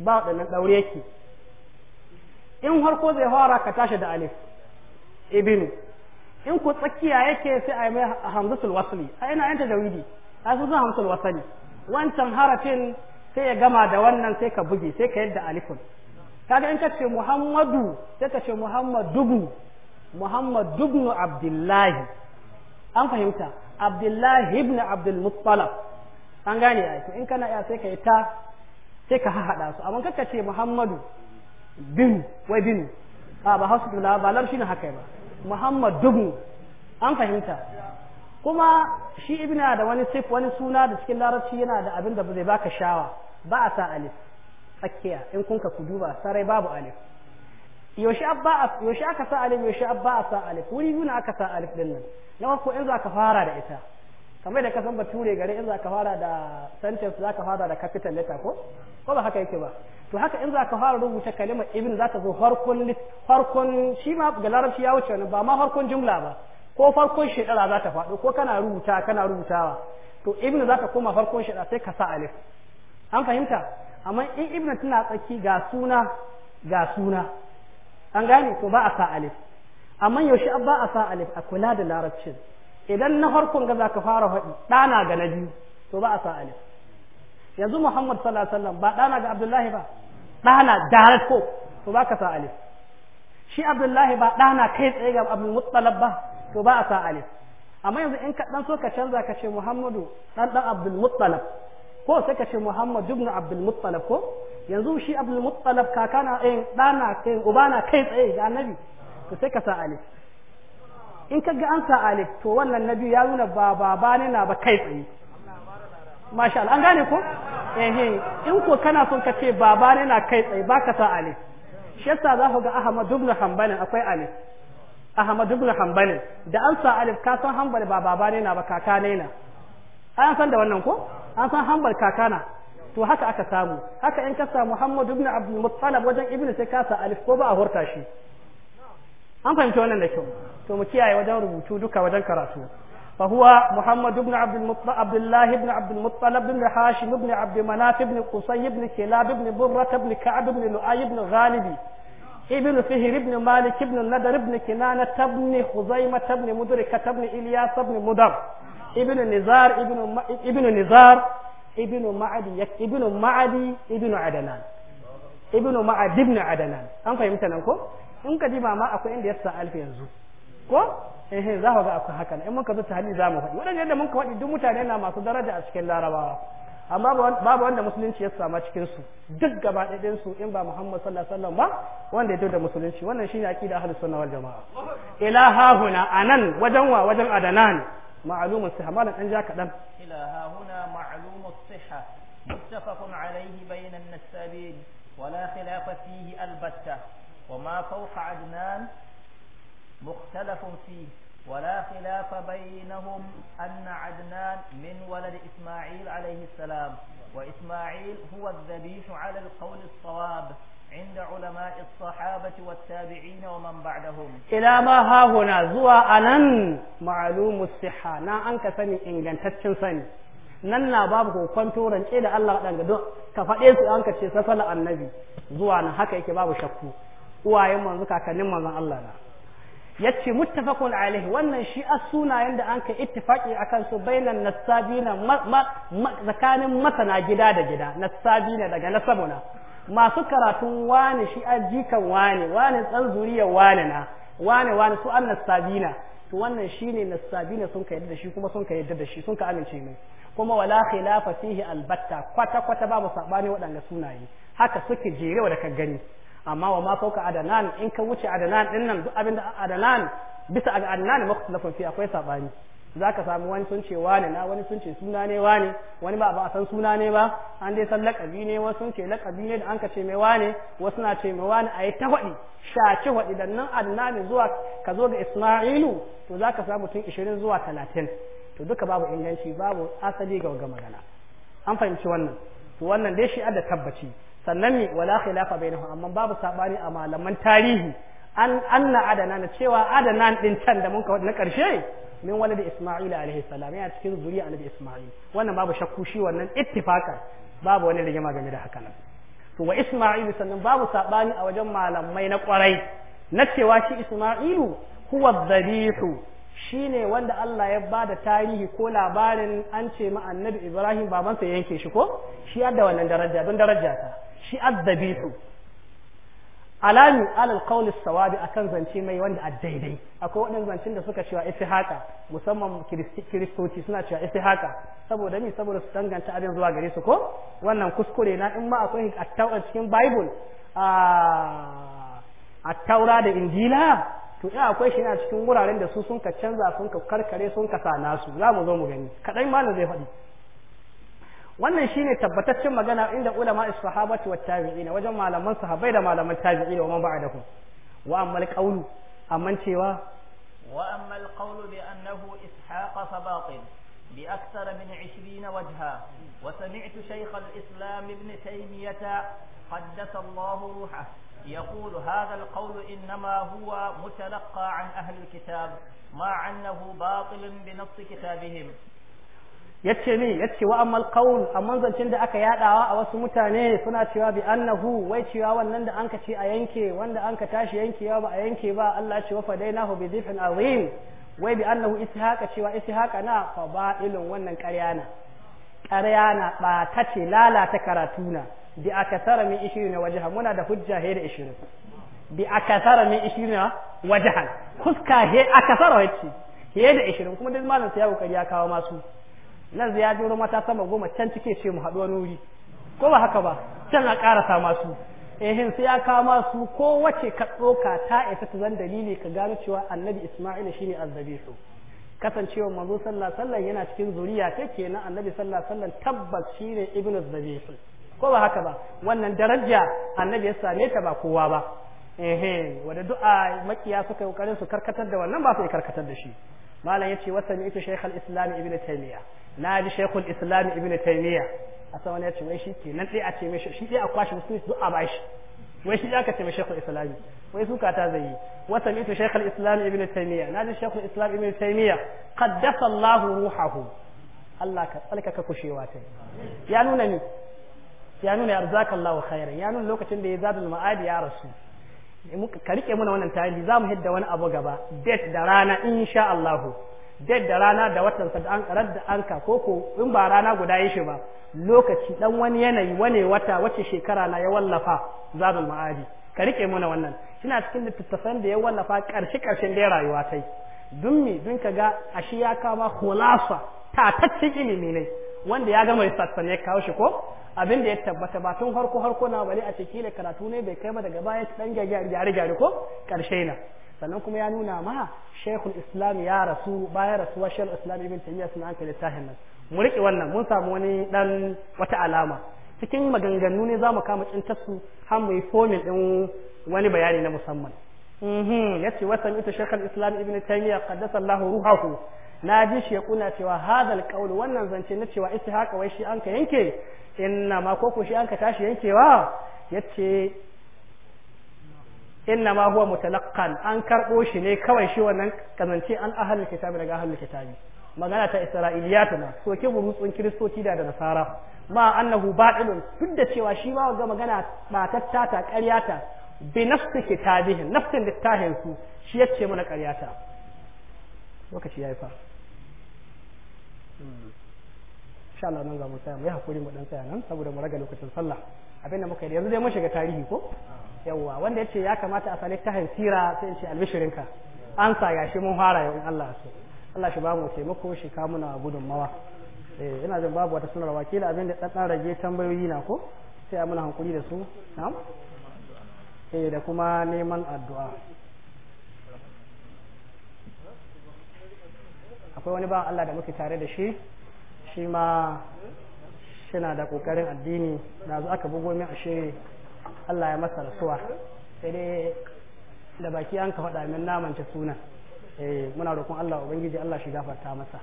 ba waɗannan ɗaure ki in harko zai fara ka tashi da alif ibinu in ku tsakiya yake sai a yi mai hamzatul wasli a yana yanta da widi a sun hamzatul wasli wancan harafin sai ya gama da wannan sai ka bugi sai ka yadda alifun kaga in ka ce muhammadu sai ka ce muhammad dubu muhammad dubnu abdullahi an fahimta abdullahi ibn abdul muttalib an gane ai in kana iya sai ka yi ta sai ka haɗa su amma kaka ce muhammadu bin wai bin ba hasu ba larshi na haka ba muhammad dubu an fahimta kuma shi ibna da wani sif wani suna da cikin larabci yana da abin da zai baka shawa ba a sa alif tsakiya in ka ku duba sarai babu alif yaushe abba yaushe aka sa alif yaushe abba a sa alif wuri biyu na aka sa alif din nan na farko in za ka fara da ita kamar da ka san bature gare in za ka fara da sentence za ka fara da capital letter ko ko ba haka yake ba to haka in za ka fara rubuta kalimar ibn za ta zo farkon farkon shi ma ga larabci ya wuce ba ma farkon jumla ba ko farkon shekara za ta faɗo ko kana rubuta kana rubutawa to ibn za ka koma farkon shekara sai ka sa alif an fahimta amma in ibn tana tsaki ga suna ga suna an gane to ba a sa alif amma yaushe ba a sa alif a kula da larabcin idan na harkon ga zaka fara faɗi ɗana ga na biyu to ba a sa alif yanzu muhammad sallallahu alaihi wasallam ba ɗana ga abdullahi ba ɗana direct ko to ba ka sa alif shi abdullahi ba ɗana kai tsaye ga abu mutsalab ba to ba a sa alif amma yanzu in ka ɗan so ka canza ka ce muhammadu ɗan ɗan abdul mutsalab ko sai ka ce muhammad ibn abdul mutsalab ko yanzu shi abu muttalab kaka na ɗayan eh, ɗana kai eh, uba na kai tsaye ga annabi to sai ka sa alif in ka ga an sa alif to wannan nabi ya nuna ba ba ne na ba kai tsaye masha Allah an gane ko eh in ko kana son ka ce ba ne na kai tsaye ba ka sa alif shi yasa za ku ga Ahmad ibn Hanbal akwai alif Ahmad ibn Hanbal da an sa alif ka san Hanbal ba ba ne na ba kaka ne na an san da wannan ko an san Hanbal kaka na to haka aka samu haka in ka samu Muhammad ibn Abdul Muttalib wajen Ibn sai ka sa alif ko ba a horta shi an fahimci wannan da kyau to mu kiyaye wajen rubutu duka wajen karatu fa huwa Muhammad ibn Abdul Muttalib Abdullah ibn Abdul Muttalib ibn Hashim ibn Abd Manaf ibn Qusay ibn Kilab ibn Burra ibn Ka'b ibn Lu'ay ibn Ghalibi ابن فهر ابن مالك ابن الندر ابن كنانة ابن خزيمة ابن مدركة ابن إلياس ابن مدر ابن نزار ابن, ابن نزار ibnu ma'adi ibnu ma'adi ibnu adanan ibnu ma'ad ibn adanan an fahimta nan ko in ka diba ma akwai inda yasa alfi yanzu ko eh za ka ga akwai haka in muka zo tahali za mu faɗi wadannan yadda muka faɗi duk mutane na masu daraja a cikin larabawa amma babu wanda musulunci ya sama cikin su duk gaba ɗayan su in ba Muhammad sallallahu alaihi wasallam ba wanda ya da musulunci wannan shine aqida ahlus sunna wal jamaa ila huna anan wajen wa wajen adanan معلوم الصحة ما لن أنجاك كلام إلى ها هنا معلوم الصحة متفق عليه بين النسابين ولا خلاف فيه البتة وما فوق عدنان مختلف فيه ولا خلاف بينهم أن عدنان من ولد إسماعيل عليه السلام وإسماعيل هو الذبيح على القول الصواب عند علماء الصحابة والتابعين ومن بعدهم إلى ما ها هنا زوى أنن معلوم الصحة نا أنك سني إن كان تتشن سني nan na babu kokon turanci da Allah ɗan gado ka faɗe su an ka annabi zuwa nan haka yake babu shakku uwayen manzo kakannin manzon Allah na yace muttafaqun alaihi wannan shi as sunayen da an ka ittifaqi akan su bainan nasabina tsakanin masana gida da gida nasabina daga na nasabuna masu karatun wane shi jikan wane wane tsan zuriyar wane na wane wane su an nasabina to wannan shine nasabina sun ka yadda da shi kuma sun ka yadda da shi sun ka amince mai kuma wala khilafa fihi albatta kwata kwata babu sabani waɗanda sunaye haka suke jerewa da ka gani amma wa ma fauka adanan in ka wuce adanan din nan duk abinda adanan bisa ga adanan maktalafin fi akwai sabani za ka samu wani sun ce wane na wani sun ce suna ne wane wani ba a san suna ne ba an dai san lakabi ne wasu sun ce lakabi ne da an ka ce mai wane wasu na ce mai wane a yi ta haɗi shaci haɗi da nan adnani zuwa ka zo ga isma'ilu to za ka samu tun ishirin zuwa talatin to duka babu inganci babu asali ga ga magana an fahimci wannan to wannan dai shi da tabbaci sannan ne wala khilafa bainahum amma babu sabani a malaman tarihi an anna adana na cewa adanan ɗin can da mun ka na karshe min wani da Isma'il alaihi salam yana cikin zuriya annabi Isma'il wannan babu shakku shi wannan ittifaqan babu wani rigima game da haka nan to wa Isma'il sannan babu sabani a wajen malamai na kwarai na cewa shi Isma'ilu huwa dhabihu shine wanda Allah ya bada tarihi ko labarin an ce ma annabi Ibrahim babansa yanke shi ko shi adda wannan daraja don daraja ta shi addabihu alami alal qawli sawabi akan zance mai wanda a daidai akwai wadannan zancen da suka cewa haka musamman kiristoci suna cewa haka saboda ni saboda su danganta abin zuwa gare su ko wannan kuskure na in ma akwai attaura cikin bible a taura da injila to ya akwai shi na cikin wuraren da su sun ka canza sun ka karkare sun ka sa su za mu zo mu gani kaɗai malam zai faɗi wannan shine tabbataccen magana inda ulama as-sahabati wa tabi'ina wajen malaman sahabbai da malaman tabi'ina wa ba'da ku wa amma al-qawlu amma cewa wa amma al-qawlu bi annahu ishaq fa batil bi akthar min 20 wajha wa sami'tu shaykh al-islam ibn taymiyah qaddasa Allah ruhahu يقول هذا القول إنما هو متلقى عن أهل الكتاب ما عنه باطل بنص كتابهم yace ne yace wa amal qaul amma zancin da aka yadawa a wasu mutane suna cewa bi annahu wai cewa wannan da anka ce a yanke wanda anka tashi yankewa ba a yanke ba Allah ya ce wa fadainahu bi dhifin azim wai bi annahu ishaqa cewa ishaqa na fa ba'ilun wannan ƙarya na ƙarya na ba ta ce lalata karatu na bi akasara min ishirin wajha muna da hujja he da ishirin bi akasara min ishirin wajha kuska he akasara wacce he da ishirin kuma duk malam sai ya kawo masu nan ya jiro mata sama goma can cike ce mu haɗu wani wuri ko ba haka ba can a ƙarasa masu ehin sai ya kawo su ko wace ka tsoka ta isa ta zan dalili ka gano cewa annabi isma'il shine su kasancewa manzo sallallahu alaihi yana cikin zuriya ta na annabi sallallahu alaihi tabbas shine ibnu su ko ba haka ba wannan daraja annabi ya same ta ba kowa ba ehin wanda du'a ah, makiya suka kokarin su karkatar da wannan ba su karkatar da shi malam ya ce ne ita shaykh islam ibnu taymiya na ji shekul islam ibn taymiya a sama ne ya ce wai shi ke nan dai a ce mai shi dai a kwashe musulmi duk a bashi wai shi aka ce mai shekul islam wai suka ta zai yi wa sami'tu shekul islam ibn taymiya na ji shekul islam ibn taymiya qaddasa allah ruhahu Allah ka tsalkaka kushewa ta ya nuna ni ya nuna yarzakallahu khairan ya nuna lokacin da ya zadul ma'adi ya rasu ka rike muna wannan tarihi za mu hidda wani abu gaba date da rana insha Allahu. dai da rana da watan sa da an karar da anka koko in ba rana guda yi shi ba lokaci dan wani yanayi wane wata wace shekara na ya wallafa zabin ma'adi ka rike mana wannan kina cikin littattafan da ya wallafa karshe karshen da rayuwa tai dun mi dun ga ashi ya kama khulasa ta tacce ilimi ne wanda ya gama lissafin ya kawo shi ko abin da ya tabbata ba tun harko harko na bari a ciki ne karatu ne bai kai ba daga baya dan gyare gyare ko karshe na sannan kuma ya nuna ma shekul islam ya rasu bayan rasuwa shekul islam ibn taimiyya sun hankali littafin nan mu rike wannan mun samu wani ɗan wata alama cikin maganganu ne zamu kama cintar su har mu yi fomin wani bayani na musamman mhm, Ya ce wasan ita shekul islam ibn taimiyya qaddasa allah ruhahu na ji shi ya kuna cewa hadal qaul wannan zance na cewa haka wai shi an ka yanke inna ma ko ko shi an ka tashi yankewa yace inna ma huwa mutalaqqan an karbo shi ne kawai shi wannan kazance an ahlul kitabi daga ahlul kitabi magana ta ta na ke burutsun kristoci da da nasara ma annahu batilun duk da cewa shi ma ga magana ba tattata ƙaryata bi nafsi kitabihin nafsin littahin su shi yace mana ƙaryata lokaci yayi fa hmm. insha Allah nan za mu tsaya mu yi hakuri mu dan tsaya nan saboda mu raga lokacin sallah Abinda muka yi yanzu dai mun shiga tarihi ko yawwa wanda ce ya kamata a sani tahin sira sai in ce albishirinka an sa gashi mun fara yau in Allah so Allah shi ba mu taimako shi ka muna gudunmawa eh ina jin babu wata sanarwa wakila abin da dan rage tambayoyi na ko sai a muna hankuri da su na'am eh da kuma neman addu'a akwai wani ba Allah da muke tare da shi shi ma shina da kokarin addini da zuwa aka bugo min ashe Allah ya masa rasuwa sai dai da baki an ka faɗa min namance suna eh muna roƙon Allah ubangiji Allah shi gafarta masa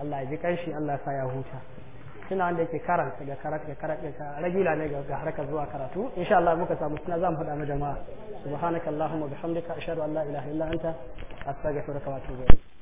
Allah ya ji kanshi Allah sa ya huta suna wanda yake karanta ga karatu ga karatu ga ragila ne ga harkar zuwa karatu insha Allah muka samu suna zamu faɗa ma jama'a subhanakallahumma bihamdika ashhadu an la ilaha illa anta astaghfiruka wa atubu ilayk